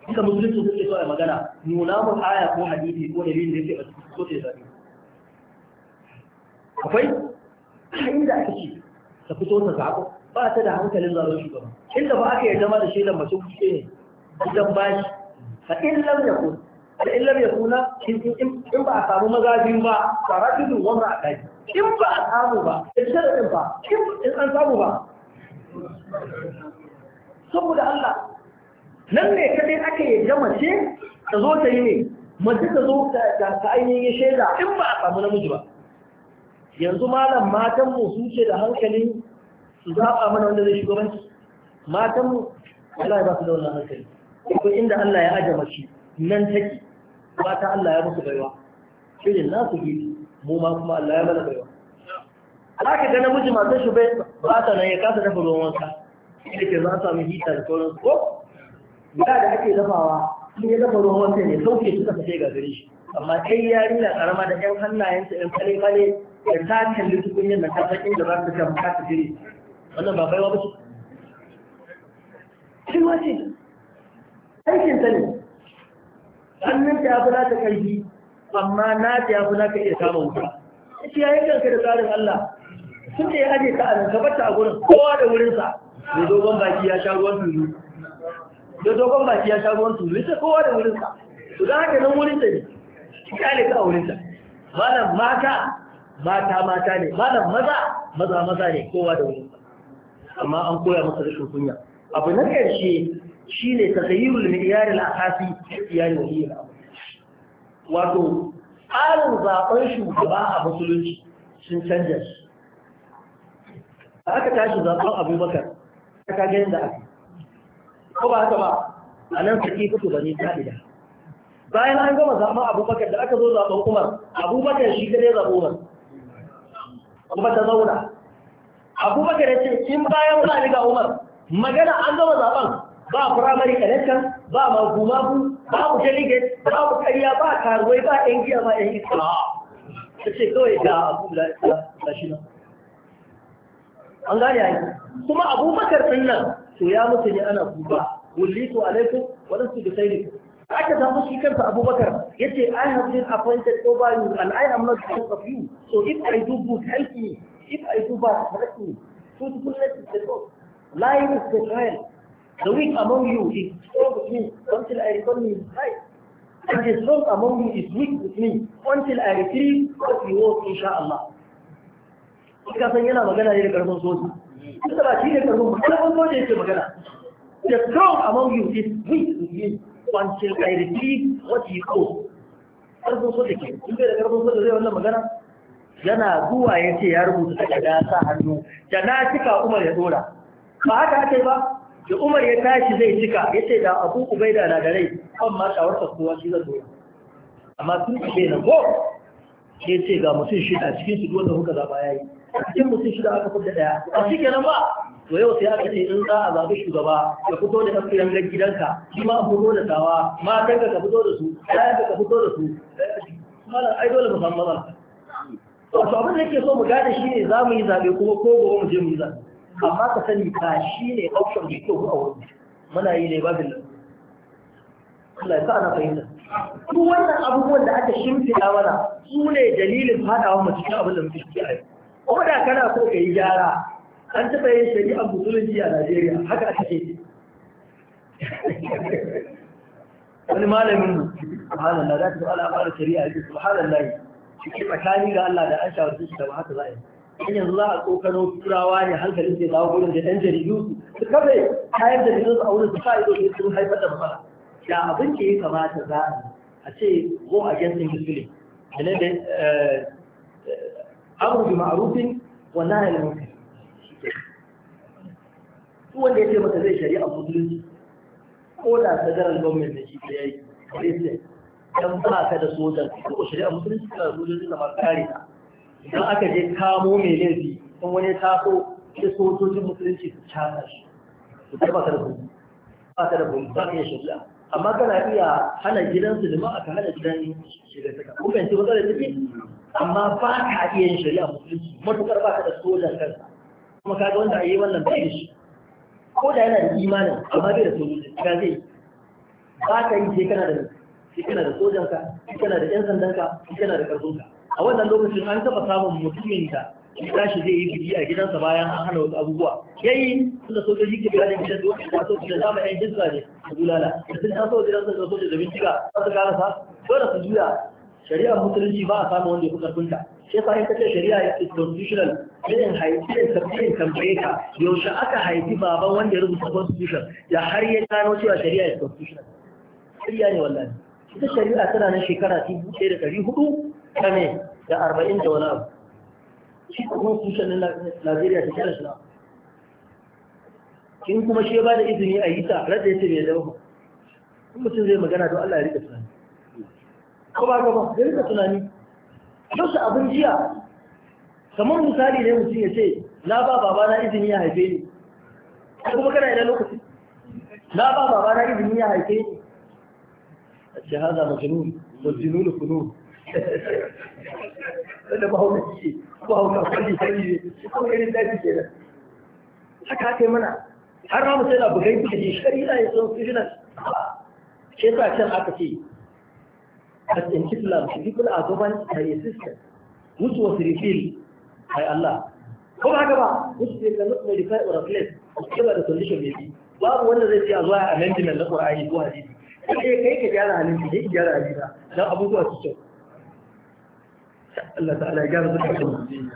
a ce haka magana nuna mu haya ko hadisi ko dalilin da yake a so ta zaɓe akwai inda ake ce ta fito ta zaɓo ba ta da hankalin zaɓen shugaba inda ba aka yarda ma da shaidan mace kuke ne idan ba shi Ka in lam yakun da illar ya kuna in ba a samu maza biyu ba ba ra tudu wanda a ɗaki in ba a samu ba in sharaɗin ba in an samu ba saboda Allah nan ne kadai aka yi gama ce ta zo ta yi ne mace ta zo ta ainihin shaida in ba a samu namiji ba yanzu malam matan mu su ce da hankali su zaɓa mana wanda zai shugabanci matan mu wallahi ya ba su da wannan hankali akwai inda Allah ya aje mace nan take ta Allah ya musu baiwa irin nasu gidi mu ma kuma Allah ya mana baiwa haka ga namiji masu shi ba ta nan ya kasa dafa ruwan wanka shi ke za su mu hita da sauran ko da da ake dafawa in ya dafa ruwan wanka ne sauke suka kasa sai ga gare shi amma kai yarinya karama da ƴan hannayensa ɗan kale-kale da ta kalli tukunyar na ta sakin da za su kan ta jiri wannan ba baiwa ba ce. ma wace, aikin ta ne, hannun ta fi naka ƙarfi amma na ta ya fi naka iya kama wuta shi ya yi kanka da tsarin Allah sun da ya aje ka a nan ka a gurin kowa da wurinsa da dogon baki ya sha ruwan tulu da dogon baki ya sha ruwan tulu ita kowa da wurinsa to da haka nan wurinsa ne ki ne ka a wurinsa malam mata mata mata ne malam maza maza maza ne kowa da wurinsa amma an koya masa rashin kunya abu na ƙarshe Shi ne shine taghayyurul mi'yar al-asasi ya yi wato tsarin zaben shugaba a musulunci sun canja Ba aka tashi zaɓen abubakar aka ga da aka ko ba haka ba a nan sake fito ba ne ka'ida bayan an gama zaɓen abubakar da aka zo zaɓen umar abubakar shi kadai zaben umar kuma ta zauna abubakar ya ce in bayan ba ni ga umar magana an gama zaɓen. ba primary election ba magu-magu babu delegate babu karya ba karuwai ba yan giya ba yan iska ta ce kawai ga abu da shi nan an gane yi kuma abubakar ɗin nan to ya mutu ne ana kuba wulitu alaikum waɗansu da sai ne aka samu shi kansa abubakar ya ce i have been appointed over you and i am not the of you so if i do good help me if i do bad help me truthfulness is the cause lying is the trial The weak among you is strong with me until I return his sight. And the strong among you is weak with me until I retrieve what he was, inshaAllah. Ka san yana magana ne da karfin soji. Duk da ba shi ne karfin ba, karfin soji yake magana. The strong among you is weak with me until I retrieve what you want. Karfin soji ke, in bai da karfin soji zai wannan magana? Yana zuwa ya ce ya rubuta takarda sa hannu, da na cika Umar ya dora. Ba haka ake ba, da Umar ya tashi zai cika ya ce da Abu Ubaida na da rai kan ma shawarta kowa shi zai zo amma sun ce na ko ya ce ga mutum shida cikin su duwanda kuka zaba a cikin mutum shida aka fudda daya a cikin nan ba to yau sai aka ce in za a zaɓi shugaba ka fito da ɗan filan gidanka shi ma an fito da tawa matan ka fito da su ɗayan ka fito da su malam ai dole mu san matsala to abin da yake so mu gada shi ne za mu yi zaɓe kuma ko gobe mu je mu yi zaɓe amma ka sani ba shi ne option da kyau a wurin muna yi ne babin nan Allah ya sa ana fahimta su wannan abubuwan da aka da mana su ne dalilin faɗawa mu cikin abin da muke shi a yau kuma da kana so ka yi gyara an taɓa yin shari'ar musulunci a Najeriya haka aka ce wani malamin mu subhanallah za ta zo ala fara shari'a yake subhanallah shi ke tsakani ga Allah da an shawarci shi da ba haka za a yi in yanzu za a tsokano turawa ne hankalin zai dawo gurin da yan jaridu su kafe kayan jaridun su a wurin su sa ido ne sun haifar da matsala da abin ke ya kamata za a ce go against muslim ne da eh, eh, amru bi maarufin wa nahy anil munkar su wanda ya ce maka zai shari'a musulunci ko da sadarar gwamnati da shi da yayi dan ba ka da sojan ko shari'a musulunci da sojoji da ma kare ta idan aka je kamo mai laifi in wani taso sai sojojin musulunci su casa shi su karba ta da kuma ba ta da kuma ba ka iya shari'a amma kana iya hana gidan su ma'aka aka hana gidan shiga saka ko kan ci ta ciki amma ba ka iya yin shari'a musulunci matukar ba ka da sojan kansa kuma ka wanda a yi wannan bai shi ko da yana da imanin amma bai da sojoji ka zai ba ka yi sai kana da sai kana da sojanka sai kana da yan sandanka sai kana da karfinka a wannan lokacin an taba samun mutumin da ya tashi zai yi biki a gidansa bayan an hana wasu abubuwa yayi tunda sojoji ke bayan gidan da da sojoji da zama yan jinsa ne su bulala da sun taso gidansa da sojoji da bincika za su karasa dole su juya shari'ar musulunci ba a samu wanda ya fi karfinta shi yasa in ce shari'a is constitutional irin haifi da tafsirin tambaye ka yaushe aka haifi baban wanda ya rubuta constitution da har ya gano cewa shari'a is constitutional shari'a ne wallahi ita shari'a tana nan shekara dubu ɗaya da ɗari hudu kame da arba'in da wani abu shi kuma tushen na najeriya ta kira shi na in kuma shi ba da izini a yi ta rada ya ce mai zama Kuma mutum zai magana don allah ya rika tunani ko ba gaba ya rika tunani yau abin jiya kamar misali ne mutum ya ce na ba baba na izini ya haife ni kuma kana idan lokaci na ba baba na izini ya haife ni a ce haza majinu da kunu. wanda ba hauka ce ba hauka kwalli kwalli ne shi kuma irin daji ke nan haka haka mana har ma mutum yana bugai buga ne shari'a ya san sujina ke sa can aka ce as in Islam people are governed by a system which wasu revealed ai Allah ko haka ba which they cannot modify or replace whatever da condition may bi? babu wanda zai ce a zuwa amendment na Qur'ani ko hadisi sai kai ka gyara halin ka gyara halin ka dan abubuwa su kyau Allah ta'ala ya gyara zuwa mutum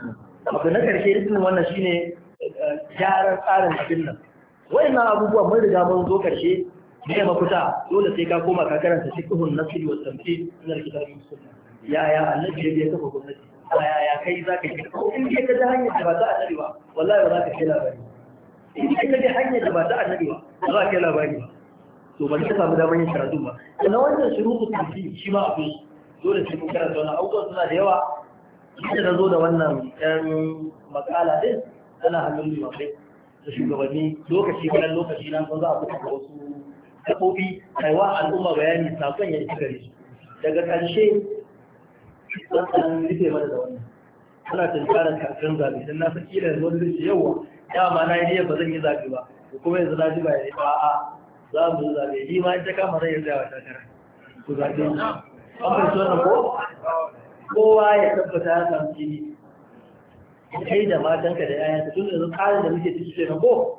abu na karshe rikin wannan shine eh, gyaran tsarin abin nan wayannan abubuwa mun riga mun zo karshe ne mafuta dole sai ka koma ka karanta fiqhun nasl wa tamthil min al-kitab sunna ya ya annabi ya kafa gwamnati ya ya kai zaka yi ko in ke ka da hanyar da ba za a tsari ba wallahi ba za ka kai labari in ke ka da hanyar da ba za a tsari ba ba za ka kai labari ba to ban ta samu damar yin karatu ba sannan wannan shuruku tamthil shi ma akwai dole sai mun karanta wannan abubuwan suna da yawa inda na zo da wannan ɗan makala din tana hannun limamai da shugabanni lokaci wannan lokaci nan kun za a kuka wasu kafofi kaiwa al'umma bayani sakon ya isa su daga ƙarshe zan san rufe mana da wannan ana tunkarar karshen zaɓe don na san kila yanzu wani zai yawa dama na yi niyyar ba zan yi zaɓe ba kuma yanzu na ji ba ya yi a'a za mu zaɓe ni ma in ta kama zai yi a takara ku zaɓe an ko kowa ya tabbata ya samu jini kai da matanka da yayanka tun yanzu tsarin da muke ciki na ko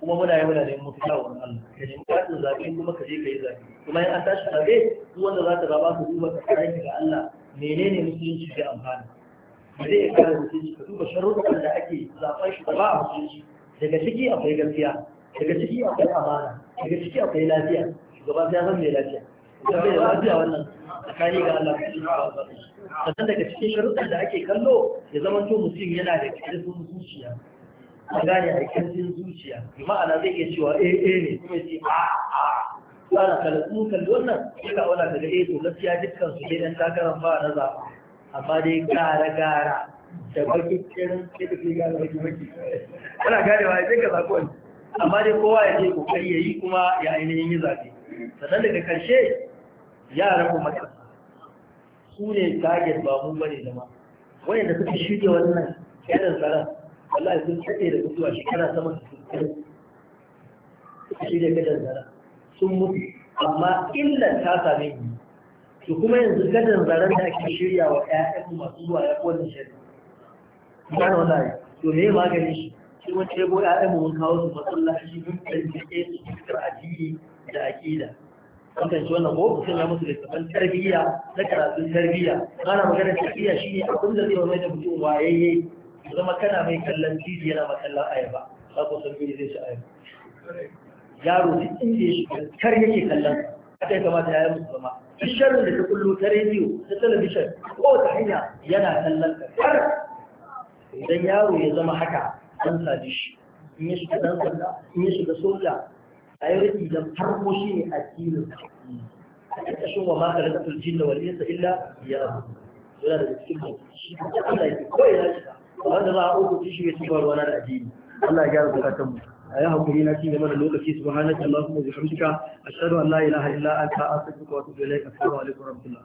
kuma muna yi muna neman mafita wa Allah ka nemi katin zaɓe kuma ka je ka yi zaɓe kuma in an tashi zaɓe duk wanda za ta zaɓa ka duba ka kare ga Allah menene musulunci ke amfani ba zai iya kare musulunci ka duba sharuɗan da ake zaɓar shi ba a musulunci daga ciki akwai gaskiya daga ciki akwai amana daga ciki akwai lafiya shugaba ya zama mai lafiya idan bai da lafiya wannan tsakani ga Allah cikin sannan daga cikin sharuɗa da ake kallo ya zama to mutum yana da ƙarfin zuciya a gane a ƙarfin zuciya ma'ana zai iya cewa eh eh ne kuma ce a a ana kalli kalli wannan ya ka wala daga eh to gaskiya dukkan su dai dan takarar ba na za. amma dai gara gara da baki kirin sai da ke gara baki baki ana ganewa zai ka zaɓi ne. amma dai kowa ya je kokari ya yi kuma ya ainihin yi zaɓe sannan daga ƙarshe yara kuma su ne target ba mu bane zama Wani wanda suka shirya wannan irin tsaron wallahi sun kaɗe da a shekara sama da sukari suka shirya gadon tsara. sun mutu amma illar ta same ni to kuma yanzu gadon zaren da ake shirya wa ƴaƴan masu zuwa ya kowane shari gane wannan ne to me maganin shi shi wani ɗebo ƴaƴan mu mun kawo su masallaci mun ɗan jike su fitar addini da aƙida an fahimci wannan ko mutum ya musu littafan tarbiyya na karatun tarbiyya ana magana tarbiyya shi shine abin da zai wa mai da mutum wayayye zama kana mai kallon titi yana makallan ayaba za ku san biyu zai ci ayaba yaro duk inda ya shiga kar yake kallon haka ya kamata ya yi musu zama duk da ta kullu ta rediyo ta talabishin ta hanya yana kallon ka kar idan yaro ya zama haka an sa shi in ya shiga dan sanda in ya shiga soja priority dan farko shi ne addinin a ƙarƙashin wa maka da zafin jinna wani yasa illa ya abu yana da cikin mu shi da Allah ya koyi na shi ba wanda za a uku shi ya tuba ruwa na da addini Allah ya gyara bukatun mu a yi hakuri na ya mana lokaci subhanaka allahumma wa bihamdika ashhadu an a ilaha illa anta astaghfiruka wa atubu a assalamu alaikum wa rahmatullah